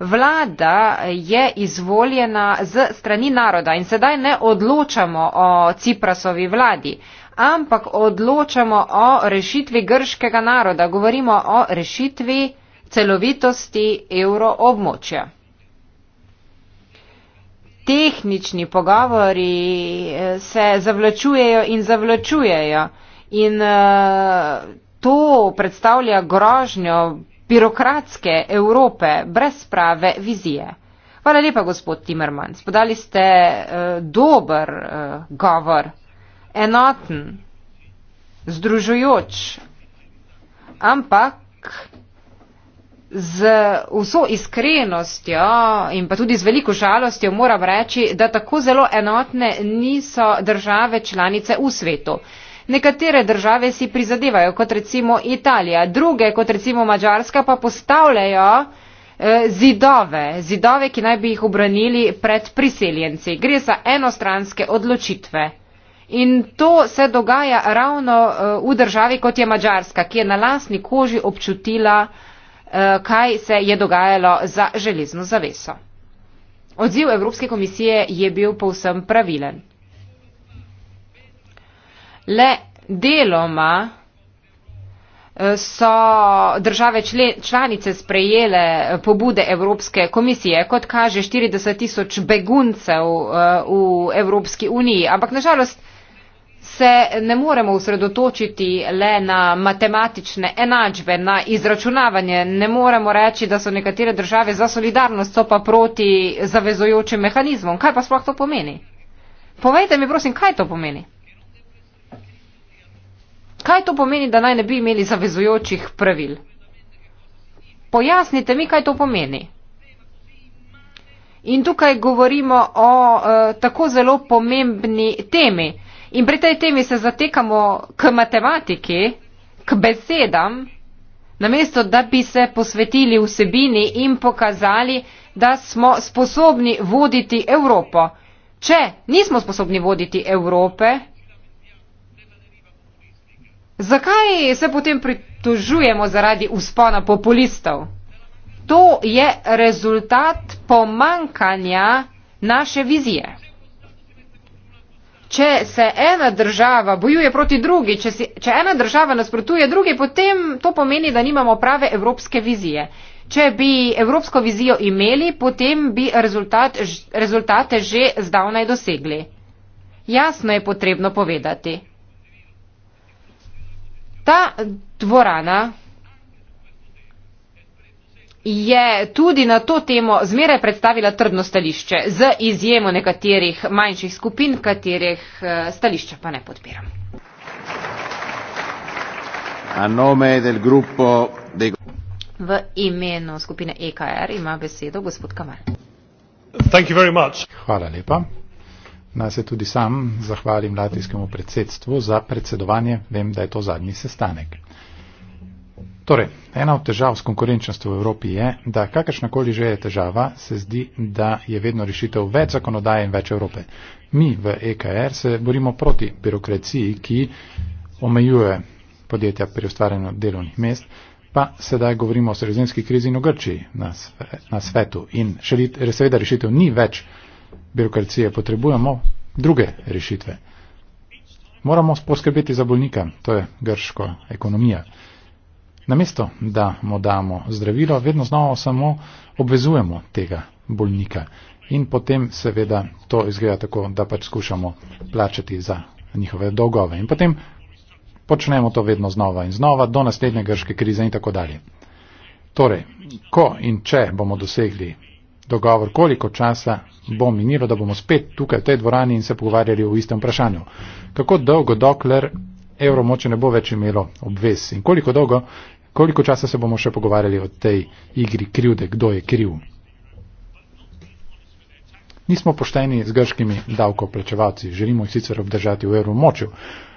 Vlada je izvoljena z strani naroda in sedaj ne odločamo o Ciprasovi vladi, ampak odločamo o rešitvi grškega naroda, govorimo o rešitvi celovitosti evroobmočja tehnični pogovori eh, se zavlačujejo in zavlačujejo. In uh, to predstavlja grožnjo birokratske Evrope brez prave vizije. Hvala lepa, gospod Timerman. Spodali ste uh, dober uh, govor, enoten, združujoč, ampak z vso iskrenostjo in pa tudi z veliko žalostjo moram reči, da tako zelo enotne niso države članice v svetu. Nekatere države si prizadevajo, kot recimo Italija, druge, kot recimo Mačarska, pa postavljajo eh, zidove, zidove, ki naj bi jih obranili pred priseljenci. Gre za enostranske odločitve. In to se dogaja ravno eh, v državi, kot je Mačarska, ki je na lasni koži občutila, Eh, kaj se je dogajalo za železno zaveso. Odziv Evropske komisije je bil povsem pravilen. Le deloma eh, so države članice sprejele eh, pobude Evropske komisije, kot kaže 40 tisoč beguncev v Evropski uniji, ampak nažalost se ne moremo usredotočiti le na matematične enačbe, na izračunavanje. Ne moremo reči, da so nekatere države za solidarnost, so pa proti zavezojočim mehanizmom. Kaj pa sploh to pomeni? Povejte mi, prosim, kaj to pomeni? Kaj to pomeni, da naj ne bi imeli zavezojočih pravil? Pojasnite mi, kaj to pomeni. In tukaj govorimo o uh, tako zelo pomembni temi. Uh, In pri tej temi se zatekamo k matematiki, k besedam, namesto da bi se posvetili vsebini in pokazali, da smo sposobni voditi Evropo. Če nismo sposobni voditi Evrope, zakaj se potem pritožujemo zaradi uspona populistov? To je rezultat pomankanja naše vizije če se ena država bojuje proti drugi, če, si, če ena država nasprotuje drugi, potem to pomeni, da nimamo prave evropske vizije. Če bi evropsko vizijo imeli, potem bi rezultat, rezultate že zdavnaj dosegli. Jasno je potrebno povedati. Ta dvorana, je tudi na to temo zmeraj predstavila trdno stališče, z izjemo nekaterih manjših skupin, katerih eh, stališča pa ne podpiram. V imenu skupine EKR ima besedo gospod Kamal. Hvala lepa. Naj se tudi sam zahvalim latvijskemu predsedstvu za predsedovanje. Vem, da je to zadnji sestanek. Torej, ena od težav s konkurenčnostjo v Evropi je, da kakršnakoli že je težava, se zdi, da je vedno rešitev več zakonodaje in več Evrope. Mi v EKR se borimo proti birokraciji, ki omejuje podjetja pri ustvarjanju delovnih mest, pa sedaj govorimo o sredozemski krizi in o Grčiji na, sve, na svetu. In še seveda rešitev ni več birokracije, potrebujemo druge rešitve. Moramo poskrbeti za bolnika, to je grško ekonomija. Namesto, da mu damo zdravilo, vedno znova samo obvezujemo tega bolnika. In potem seveda to izgleda tako, da pač skušamo plačati za njihove dolgove. In potem počnemo to vedno znova in znova do naslednje grške krize in tako dalje. Torej, ko in če bomo dosegli dogovor, koliko časa bo minilo, da bomo spet tukaj v tej dvorani in se pogovarjali o istem vprašanju. Kako dolgo, dokler evro moče ne bo več imelo obvez in koliko dolgo koliko časa se bomo še pogovarjali o tej igri krivde, kdo je kriv. Nismo pošteni z grškimi davkoplačevalci, želimo jih sicer obdržati v evru močju,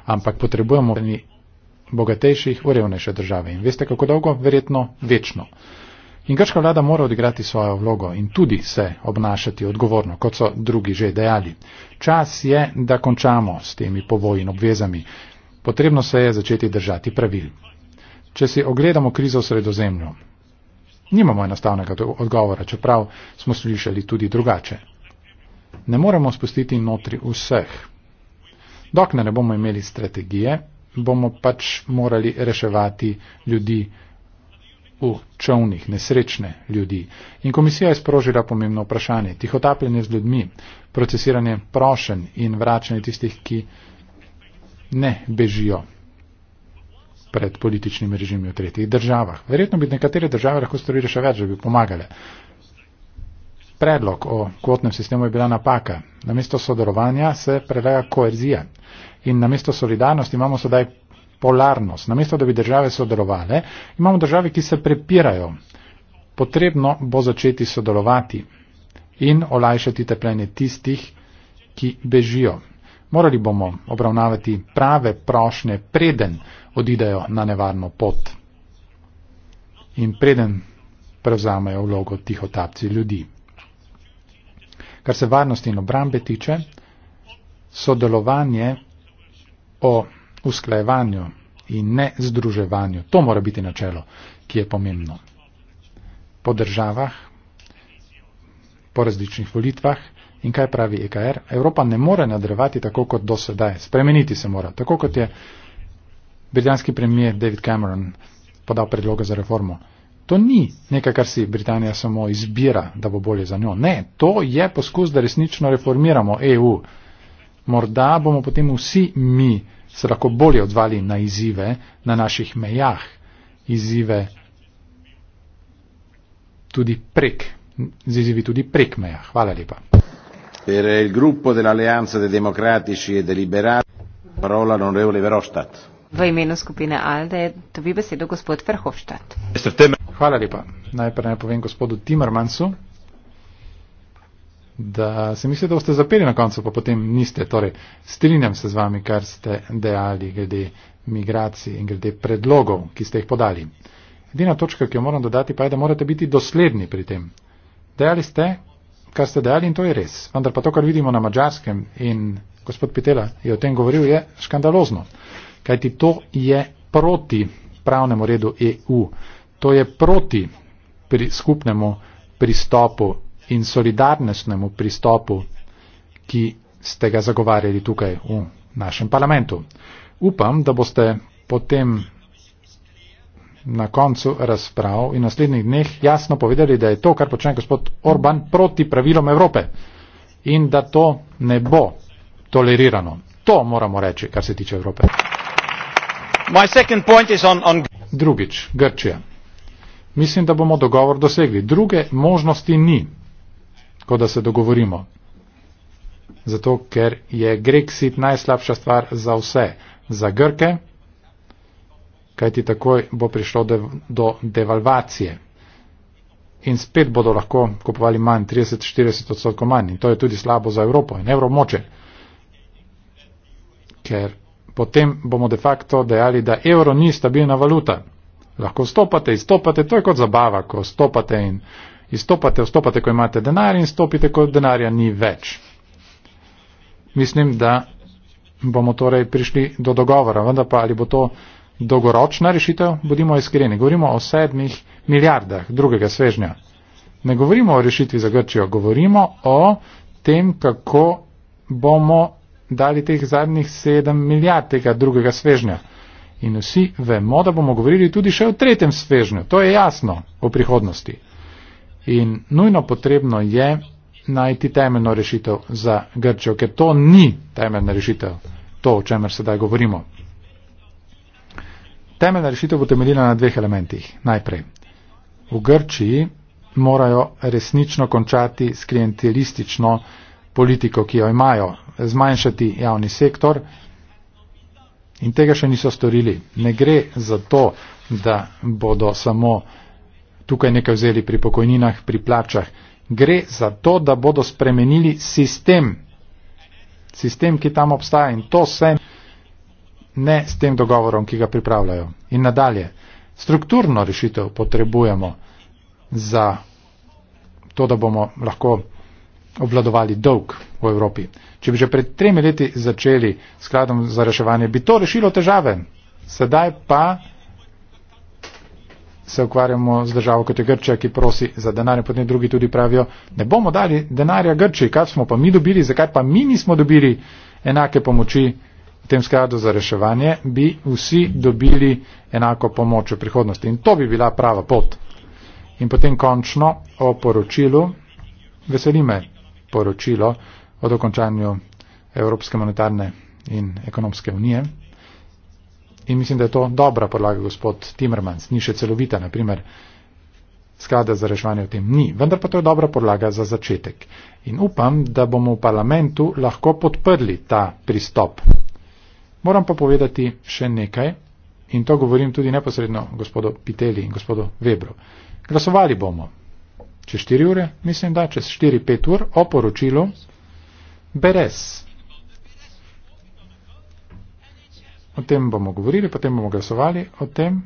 ampak potrebujemo bogatejših, urevnejše države. In veste, kako dolgo? Verjetno večno. In grška vlada mora odigrati svojo vlogo in tudi se obnašati odgovorno, kot so drugi že dejali. Čas je, da končamo s temi povoji in obvezami. Potrebno se je začeti držati pravil če si ogledamo krizo v sredozemlju? Nimamo enostavnega odgovora, čeprav smo slišali tudi drugače. Ne moremo spustiti notri vseh. Dokler ne bomo imeli strategije, bomo pač morali reševati ljudi v čovnih, nesrečne ljudi. In komisija je sprožila pomembno vprašanje. Tihotapljenje z ljudmi, procesiranje prošen in vračanje tistih, ki ne bežijo pred političnimi režimi v tretjih državah. Verjetno bi nekatere države lahko storile še več, da bi pomagale. Predlog o kvotnem sistemu je bila napaka. Namesto sodelovanja se predlaga koerzija. In namesto solidarnosti imamo sedaj polarnost. Namesto, da bi države sodelovale, imamo države, ki se prepirajo. Potrebno bo začeti sodelovati in olajšati trpljenje tistih, ki bežijo. Morali bomo obravnavati prave prošnje preden odidejo na nevarno pot in preden prevzamejo vlogo tihotapci ljudi. Kar se varnosti in obrambe tiče, sodelovanje o usklajevanju in ne združevanju, to mora biti načelo, ki je pomembno. Po državah, po različnih volitvah in kaj pravi EKR, Evropa ne more nadrevati tako kot do sedaj. Spremeniti se mora, tako kot je britanski premijer David Cameron podal predloga za reformo. To ni nekaj, kar si Britanija samo izbira, da bo bolje za njo. Ne, to je poskus, da resnično reformiramo EU. Morda bomo potem vsi mi se lahko bolje odvali na izzive na naših mejah, izzive tudi prek, z izzivi tudi prek meja. Hvala lepa. Per il gruppo dell'Alleanza dei Democratici e dei Liberali, parola l'onorevole Verostat. V imenu skupine Alde dobi besedo gospod Verhofstadt. Hvala lepa. Najprej naj povem gospodu Timmermansu, da se mislite, da boste zapeli na koncu, pa potem niste. Torej, strinjam se z vami, kar ste dejali glede migracij in glede predlogov, ki ste jih podali. Edina točka, ki jo moram dodati, pa je, da morate biti dosledni pri tem. Dejali ste, kar ste dejali in to je res. Vendar pa to, kar vidimo na mačarskem in gospod Pitela je o tem govoril, je škandalozno kajti to je proti pravnemu redu EU, to je proti pri skupnemu pristopu in solidarnostnemu pristopu, ki ste ga zagovarjali tukaj v našem parlamentu. Upam, da boste potem na koncu razprav in naslednjih dneh jasno povedali, da je to, kar počne gospod Orban, proti pravilom Evrope in da to ne bo tolerirano. To moramo reči, kar se tiče Evrope. Drugič, Grčija. Mislim, da bomo dogovor dosegli. Druge možnosti ni, kot da se dogovorimo. Zato, ker je Grexit najslabša stvar za vse. Za Grke, kajti takoj bo prišlo de, do devalvacije. In spet bodo lahko kupovali manj, 30-40 odstotkov manj. In to je tudi slabo za Evropo in evromoče. Ker potem bomo de facto dejali, da evro ni stabilna valuta. Lahko stopate, izstopate, to je kot zabava, ko stopate in izstopate, vstopate, ko imate denar in stopite, ko denarja ni več. Mislim, da bomo torej prišli do dogovora, vendar pa ali bo to dolgoročna rešitev, bodimo iskreni. Govorimo o sedmih milijardah drugega svežnja. Ne govorimo o rešitvi za Grčijo, govorimo o tem, kako bomo dali teh zadnjih sedem milijard tega drugega svežnja. In vsi vemo, da bomo govorili tudi še o tretjem svežnju. To je jasno v prihodnosti. In nujno potrebno je najti temeljno rešitev za Grčijo, ker to ni temeljna rešitev, to, o čemer sedaj govorimo. Temeljna rešitev bo temeljila na dveh elementih. Najprej, v Grčiji morajo resnično končati s klientelistično politiko, ki jo imajo zmanjšati javni sektor in tega še niso storili. Ne gre za to, da bodo samo tukaj nekaj vzeli pri pokojninah, pri plačah. Gre za to, da bodo spremenili sistem. Sistem, ki tam obstaja in to vse ne s tem dogovorom, ki ga pripravljajo. In nadalje, strukturno rešitev potrebujemo za to, da bomo lahko obvladovali dolg v Evropi. Če bi že pred tremi leti začeli skladom za reševanje, bi to rešilo težave. Sedaj pa se ukvarjamo z državo, kot je Grčija, ki prosi za denar in potem drugi tudi pravijo, ne bomo dali denarja Grčiji, kaj smo pa mi dobili, zakaj pa mi nismo dobili enake pomoči v tem skladu za reševanje, bi vsi dobili enako pomoč v prihodnosti. In to bi bila prava pot. In potem končno o poročilu. Veseli me, poročilo o dokončanju Evropske monetarne in ekonomske unije. In mislim, da je to dobra podlaga, gospod Timmermans, ni še celovita, naprimer, sklada za reševanje o tem ni. Vendar pa to je dobra podlaga za začetek. In upam, da bomo v parlamentu lahko podprli ta pristop. Moram pa povedati še nekaj in to govorim tudi neposredno gospodu Piteli in gospodu Webru. Glasovali bomo, čez 4 ure, mislim da, čez 4-5 ur o poročilu Beres. O tem bomo govorili, potem bomo glasovali o tem.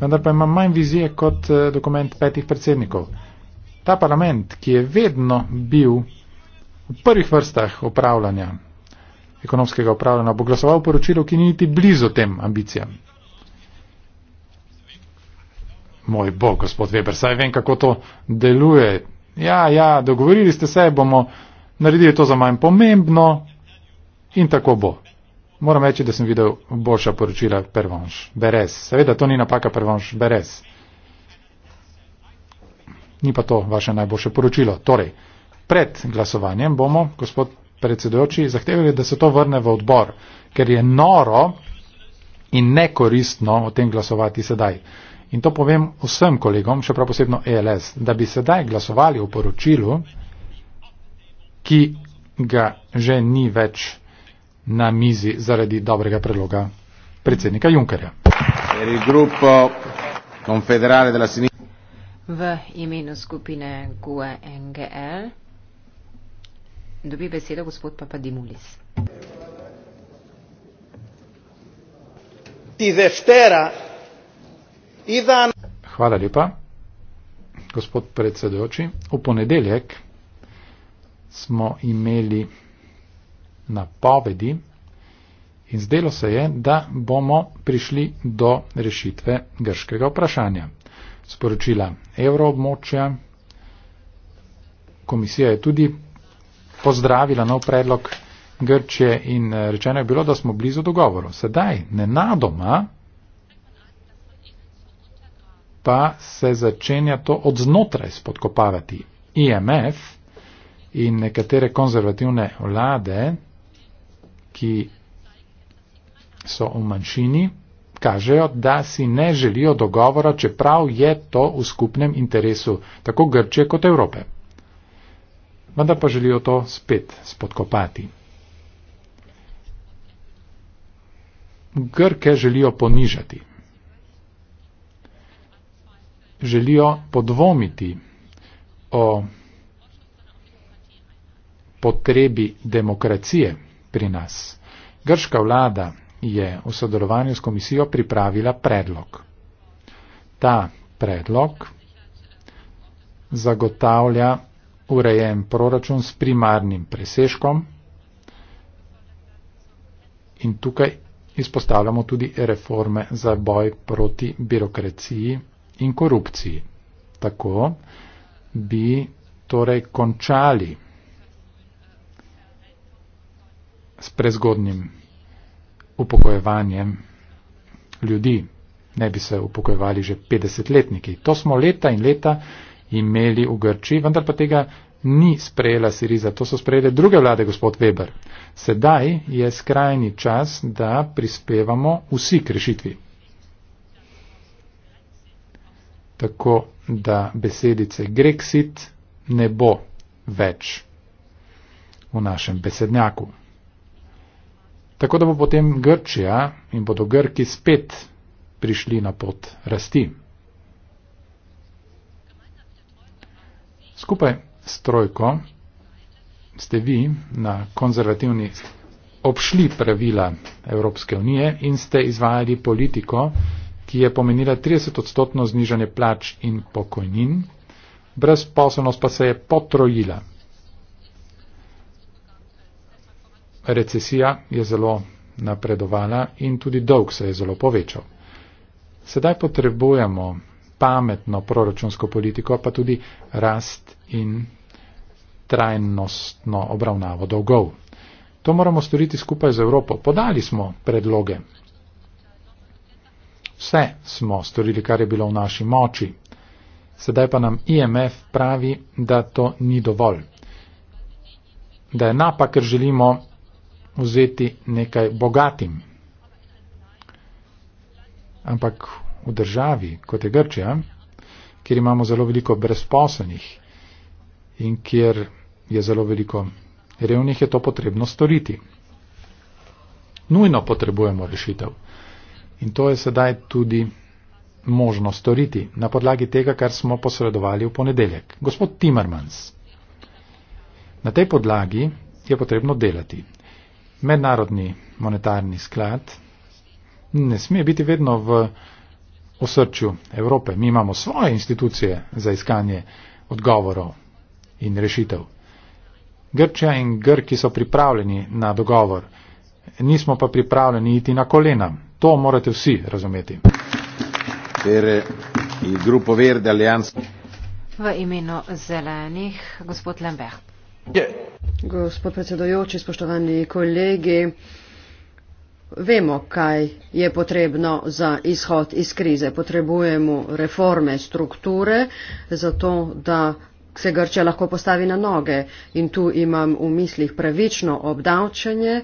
Vendar pa imam manj vizije kot eh, dokument petih predsednikov. Ta parlament, ki je vedno bil v prvih vrstah upravljanja, ekonomskega upravljanja, bo glasoval poročilo, ki ni niti blizu tem ambicijam moj bog, gospod Weber, saj vem, kako to deluje. Ja, ja, dogovorili ste se, bomo naredili to za manj pomembno in tako bo. Moram reči, da sem videl boljša poročila Pervanš, Beres. Seveda, to ni napaka Pervanš, Beres. Ni pa to vaše najboljše poročilo. Torej, pred glasovanjem bomo, gospod predsedujoči, zahtevali, da se to vrne v odbor, ker je noro in nekoristno o tem glasovati sedaj. In to povem vsem kolegom, še prav posebno ELS, da bi sedaj glasovali o poročilu, ki ga že ni več na mizi zaradi dobrega predloga predsednika Junkerja. V imenu skupine GUE-NGL dobi besedo gospod Papadimulis. Ti zeftera Ivan. Hvala lepa, gospod predsedujoči. V ponedeljek smo imeli napovedi in zdelo se je, da bomo prišli do rešitve grškega vprašanja. Sporočila evroobmočja, komisija je tudi pozdravila nov predlog Grčije in eh, rečeno je bilo, da smo blizu dogovoru. Sedaj, nenadoma, pa se začenja to od znotraj spodkopavati. IMF in nekatere konzervativne vlade, ki so v manjšini, kažejo, da si ne želijo dogovora, čeprav je to v skupnem interesu tako Grčije kot Evrope. Vendar pa želijo to spet spodkopati. Grke želijo ponižati, želijo podvomiti o potrebi demokracije pri nas. Grška vlada je v sodelovanju s komisijo pripravila predlog. Ta predlog zagotavlja urejen proračun s primarnim preseškom in tukaj izpostavljamo tudi reforme za boj proti birokraciji in korupciji. Tako bi torej končali s prezgodnim upokojevanjem ljudi. Ne bi se upokojevali že 50-letniki. To smo leta in leta imeli v Grčiji, vendar pa tega ni sprejela Siriza. To so sprejele druge vlade, gospod Weber. Sedaj je skrajni čas, da prispevamo vsi k rešitvi. tako da besedice Grexit ne bo več v našem besednjaku. Tako da bo potem Grčija in bodo Grki spet prišli na pot rasti. Skupaj s trojko ste vi na konzervativni obšli pravila Evropske unije in ste izvajali politiko, ki je pomenila 30 odstotno znižanje plač in pokojnin, brezposobnost pa se je potrojila. Recesija je zelo napredovala in tudi dolg se je zelo povečal. Sedaj potrebujemo pametno proračunsko politiko, pa tudi rast in trajnostno obravnavo dolgov. To moramo storiti skupaj z Evropo. Podali smo predloge, Vse smo storili, kar je bilo v naši moči. Sedaj pa nam IMF pravi, da to ni dovolj. Da je napak, ker želimo vzeti nekaj bogatim. Ampak v državi, kot je Grčija, kjer imamo zelo veliko brezposlenih in kjer je zelo veliko revnih, je to potrebno storiti. Nujno potrebujemo rešitev. In to je sedaj tudi možno storiti na podlagi tega, kar smo posredovali v ponedeljek. Gospod Timmermans, na tej podlagi je potrebno delati. Mednarodni monetarni sklad ne sme biti vedno v osrčju Evrope. Mi imamo svoje institucije za iskanje odgovorov in rešitev. Grčija in Grki so pripravljeni na dogovor, nismo pa pripravljeni iti na kolena To morate vsi razumeti. V imenu zelenih, gospod Lambert. Gospod predsedojoči, spoštovani kolegi, vemo, kaj je potrebno za izhod iz krize. Potrebujemo reforme strukture, zato da se Grče lahko postavi na noge. In tu imam v mislih pravično obdavčanje,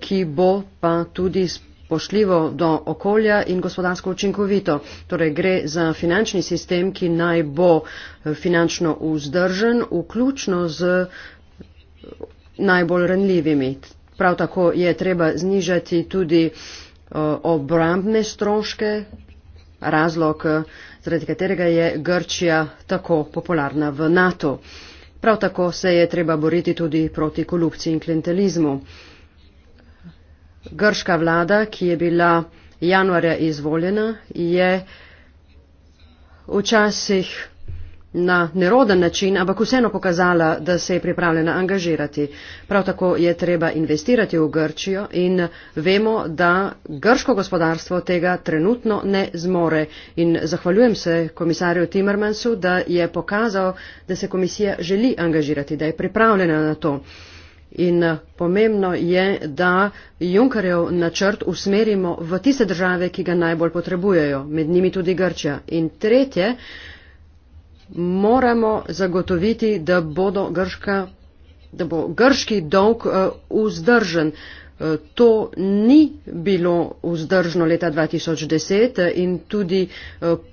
ki bo pa tudi spremljeno spoštljivo do okolja in gospodarsko učinkovito. Torej gre za finančni sistem, ki naj bo eh, finančno vzdržen, vključno z najbolj ranljivimi. Prav tako je treba znižati tudi eh, obrambne stroške, razlog, eh, zaradi katerega je Grčija tako popularna v NATO. Prav tako se je treba boriti tudi proti korupciji in klientelizmu. Grška vlada, ki je bila januarja izvoljena, je včasih na neroden način, ampak vseeno pokazala, da se je pripravljena angažirati. Prav tako je treba investirati v Grčijo in vemo, da grško gospodarstvo tega trenutno ne zmore. In zahvaljujem se komisarju Timmermansu, da je pokazal, da se komisija želi angažirati, da je pripravljena na to. In eh, pomembno je, da Junkarjev načrt usmerimo v tiste države, ki ga najbolj potrebujejo, med njimi tudi Grčija. In tretje, moramo zagotoviti, da, grška, da bo grški dolg eh, vzdržen. Eh, to ni bilo vzdržno leta 2010 in tudi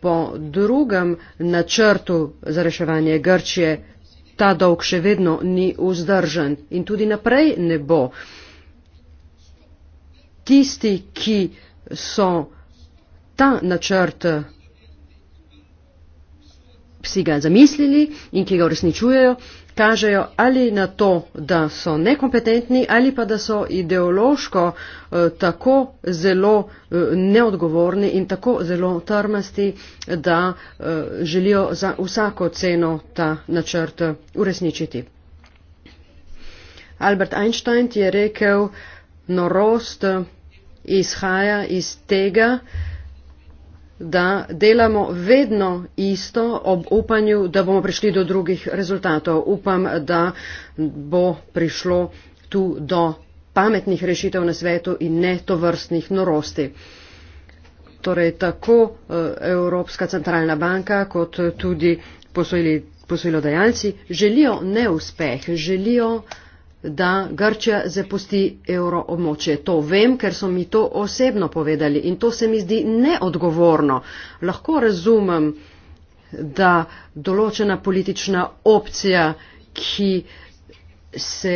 po drugem načrtu za reševanje Grčije ta dolg še vedno ni vzdržen in tudi naprej ne bo. Tisti, ki so ta načrt si ga zamislili in ki ga uresničujejo, kažejo ali na to, da so nekompetentni ali pa da so ideološko eh, tako zelo eh, neodgovorni in tako zelo trmasti, da eh, želijo za vsako ceno ta načrt uresničiti. Albert Einstein je rekel, norost izhaja iz tega, da delamo vedno isto ob upanju, da bomo prišli do drugih rezultatov. Upam, da bo prišlo tu do pametnih rešitev na svetu in ne to vrstnih norosti. Torej, tako eh, Evropska centralna banka kot tudi posojilodajalci želijo neuspeh, želijo da Grčija zapusti evroobmoče. To vem, ker so mi to osebno povedali in to se mi zdi neodgovorno. Lahko razumem, da določena politična opcija, ki se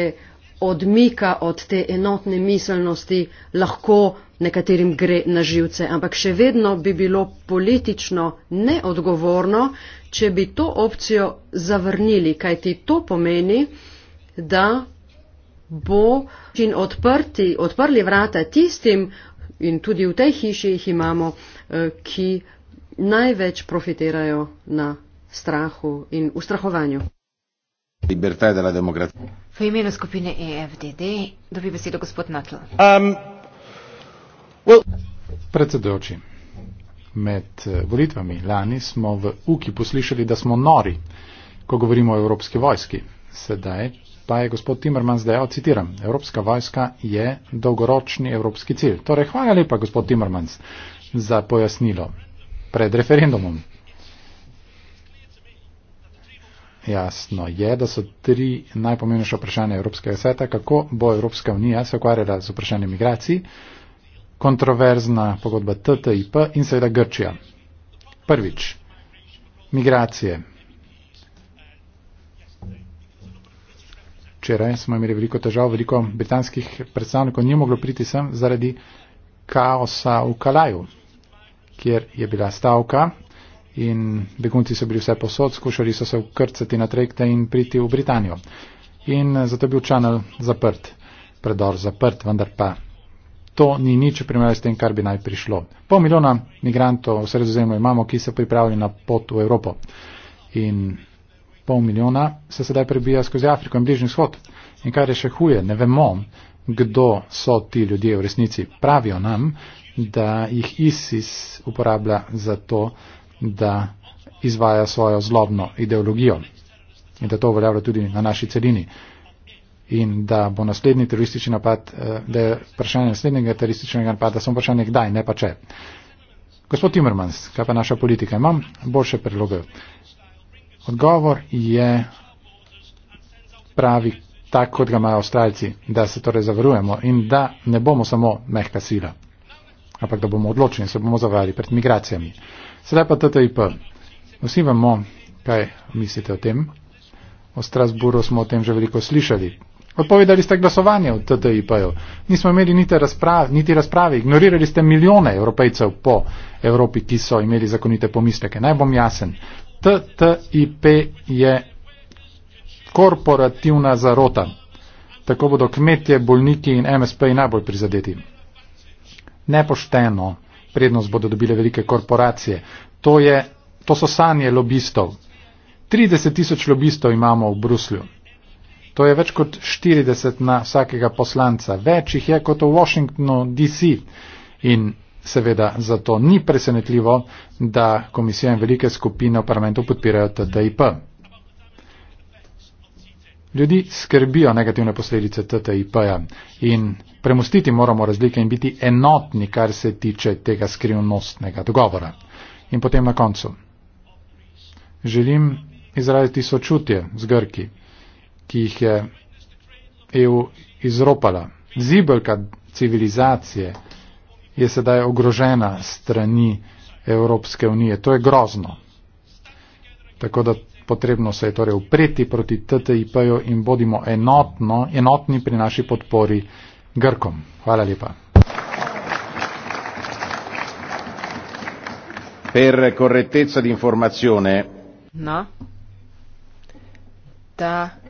odmika od te enotne miselnosti, lahko nekaterim gre na živce. Ampak še vedno bi bilo politično neodgovorno, če bi to opcijo zavrnili, kajti to pomeni, da bo in odprti, odprli vrata tistim in tudi v tej hiši jih imamo, eh, ki največ profitirajo na strahu in ustrahovanju. V imenu skupine EFDD dobi besedo gospod Natl. Um, well. Predsedujoči, med eh, volitvami lani smo v UKI poslišali, da smo nori, ko govorimo o Evropski vojski. Sedaj, pa je gospod Timmermans dejal, citiram, Evropska vojska je dolgoročni evropski cilj. Torej, hvala lepa, gospod Timmermans, za pojasnilo pred referendumom. Jasno je, da so tri najpomembnejše vprašanja Evropskega sveta, kako bo Evropska unija se ukvarjala z vprašanjem migracij, kontroverzna pogodba TTIP in seveda Grčija. Prvič, migracije. včeraj smo imeli veliko težav, veliko britanskih predstavnikov ni moglo priti sem zaradi kaosa v Kalaju, kjer je bila stavka in begunci so bili vse posod, skušali so se ukrcati na trekte in priti v Britanijo. In eh, zato je bil čanel zaprt, predor zaprt, vendar pa. To ni nič v primerjavi s tem, kar bi naj prišlo. Pol milijona migrantov v sredozemlju imamo, ki so pripravljeni na pot v Evropo. In pol milijona, se sedaj prebija skozi Afriko in Bližnji vzhod. In kar je še huje, ne vemo, kdo so ti ljudje v resnici. Pravijo nam, da jih ISIS uporablja za to, da izvaja svojo zlobno ideologijo in da to uveljavlja tudi na naši celini. In da bo naslednji teroristični napad, eh, da je vprašanje naslednjega terorističnega napada, samo vprašanje kdaj, ne pa če. Gospod Timmermans, kaj pa naša politika, imam boljše predloge. Odgovor je pravi tako, kot ga imajo avstralci, da se torej zavarujemo in da ne bomo samo mehka sila, ampak da bomo odločeni, se bomo zavarjali pred migracijami. Sedaj pa TTIP. Vsi vemo, kaj mislite o tem. O Strasburu smo o tem že veliko slišali. Odpovedali ste glasovanje v TTIP-ju. Nismo imeli niti razprave, niti razprave. Ignorirali ste milijone evropejcev po Evropi, ki so imeli zakonite pomisleke. Naj bom jasen. TTIP je korporativna zarota. Tako bodo kmetje, bolniki in MSP najbolj prizadeti. Nepošteno prednost bodo dobile velike korporacije. To, je, to so sanje lobistov. 30 tisoč lobistov imamo v Bruslju. To je več kot 40 na vsakega poslanca. Več jih je kot v Washingtonu DC. In Seveda zato ni presenetljivo, da komisija in velike skupine v parlamentu podpirajo TTIP. Ljudi skrbijo negativne posledice TTIP-ja in premustiti moramo razlike in biti enotni, kar se tiče tega skrivnostnega dogovora. In potem na koncu. Želim izraziti sočutje z Grki, ki jih je EU izropala. Zibelka civilizacije je sedaj ogrožena strani Evropske unije. To je grozno. Tako da potrebno se je torej upreti proti TTIP-ju in bodimo enotno, enotni pri naši podpori Grkom. Hvala lepa. Per correttezza di informazione. No. Da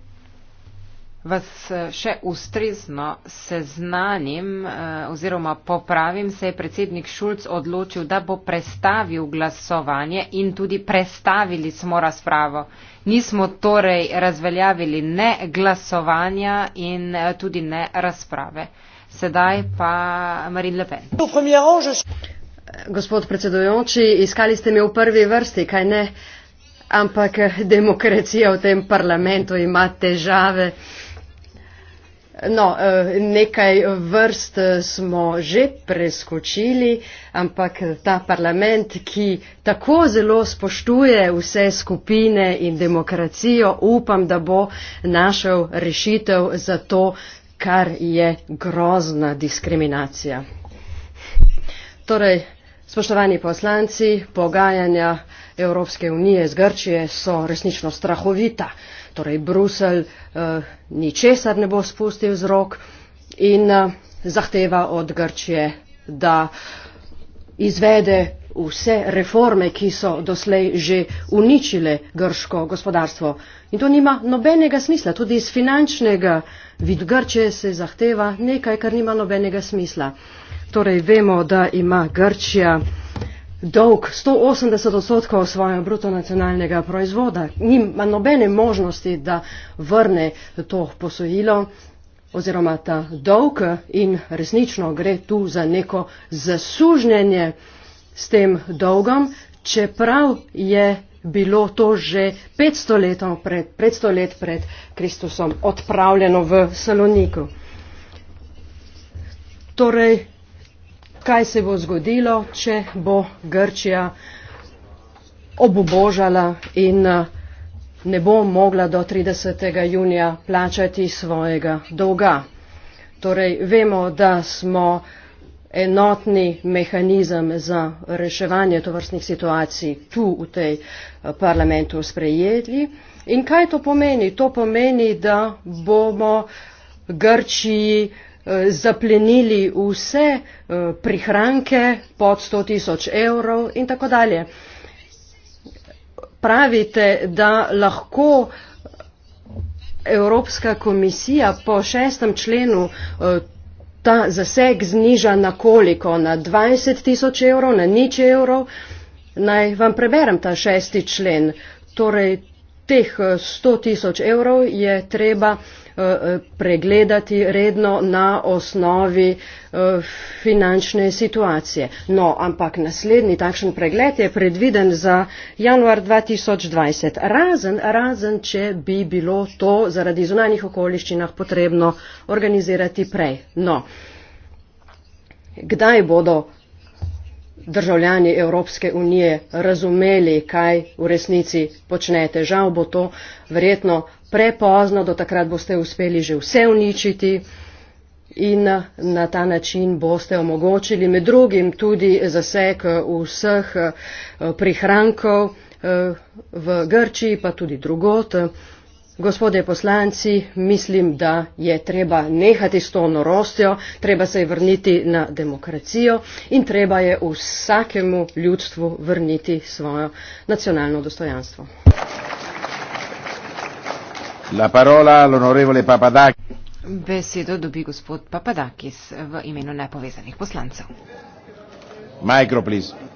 vas eh, še ustrezno seznanim eh, oziroma popravim, se je predsednik Šulc odločil, da bo prestavil glasovanje in tudi prestavili smo razpravo. Nismo torej razveljavili ne glasovanja in eh, tudi ne razprave. Sedaj pa Marin Lepen. Gospod predsedujoči, iskali ste me v prvi vrsti, kaj ne? Ampak demokracija v tem parlamentu ima težave. No, eh, nekaj vrst eh, smo že preskočili, ampak eh, ta parlament, ki tako zelo spoštuje vse skupine in demokracijo, upam, da bo našel rešitev za to, kar je grozna diskriminacija. Torej, spoštovani poslanci, pogajanja Evropske unije z Grčije so resnično strahovita torej Brusel uh, eh, ničesar ne bo spustil z rok in uh, zahteva od Grčije, da izvede vse reforme, ki so doslej že uničile grško gospodarstvo. In to nima nobenega smisla, tudi iz finančnega vid Grčije se zahteva nekaj, kar nima nobenega smisla. Torej vemo, da ima Grčija dolg 180 odstotkov svojega brutonacionalnega proizvoda. Nima nobene možnosti, da vrne to posojilo oziroma ta dolg in resnično gre tu za neko zasužnjenje s tem dolgom, čeprav je bilo to že 500 let pred, 500 let pred Kristusom odpravljeno v Saloniku. Torej, kaj se bo zgodilo, če bo Grčija obubožala in eh, ne bo mogla do 30. junija plačati svojega dolga. Torej, vemo, da smo enotni mehanizem za reševanje tovrstnih situacij tu v tej eh, parlamentu sprejeli. In kaj to pomeni? To pomeni, da bomo Grčiji Eh, zaplenili vse eh, prihranke pod 100 tisoč evrov in tako dalje. Pravite, da lahko Evropska komisija po šestem členu eh, ta zaseg zniža na koliko? Na 20 tisoč evrov, na nič evrov? Naj vam preberem ta šesti člen. Torej, teh 100 tisoč evrov je treba uh, Eh, pregledati redno na osnovi eh, finančne situacije. No, ampak naslednji takšen pregled je predviden za januar 2020. Razen, razen, če bi bilo to zaradi zunanjih okoliščinah potrebno organizirati prej. No, kdaj bodo državljani Evropske unije razumeli, kaj v resnici počnete. Žal bo to verjetno prepozno, do takrat boste uspeli že vse uničiti in eh, na ta način boste omogočili med drugim tudi zasek eh, vseh eh, prihrankov v Grčiji, pa tudi drugot. Gospodje poslanci, mislim, da je treba nehati s to norostjo, treba se je vrniti na demokracijo in treba je vsakemu ljudstvu vrniti svojo nacionalno dostojanstvo. La parola all'onorevole Papadakis. Besedo dobi gospod Papadakis v imenu nepovezanih poslancev. Micro, please.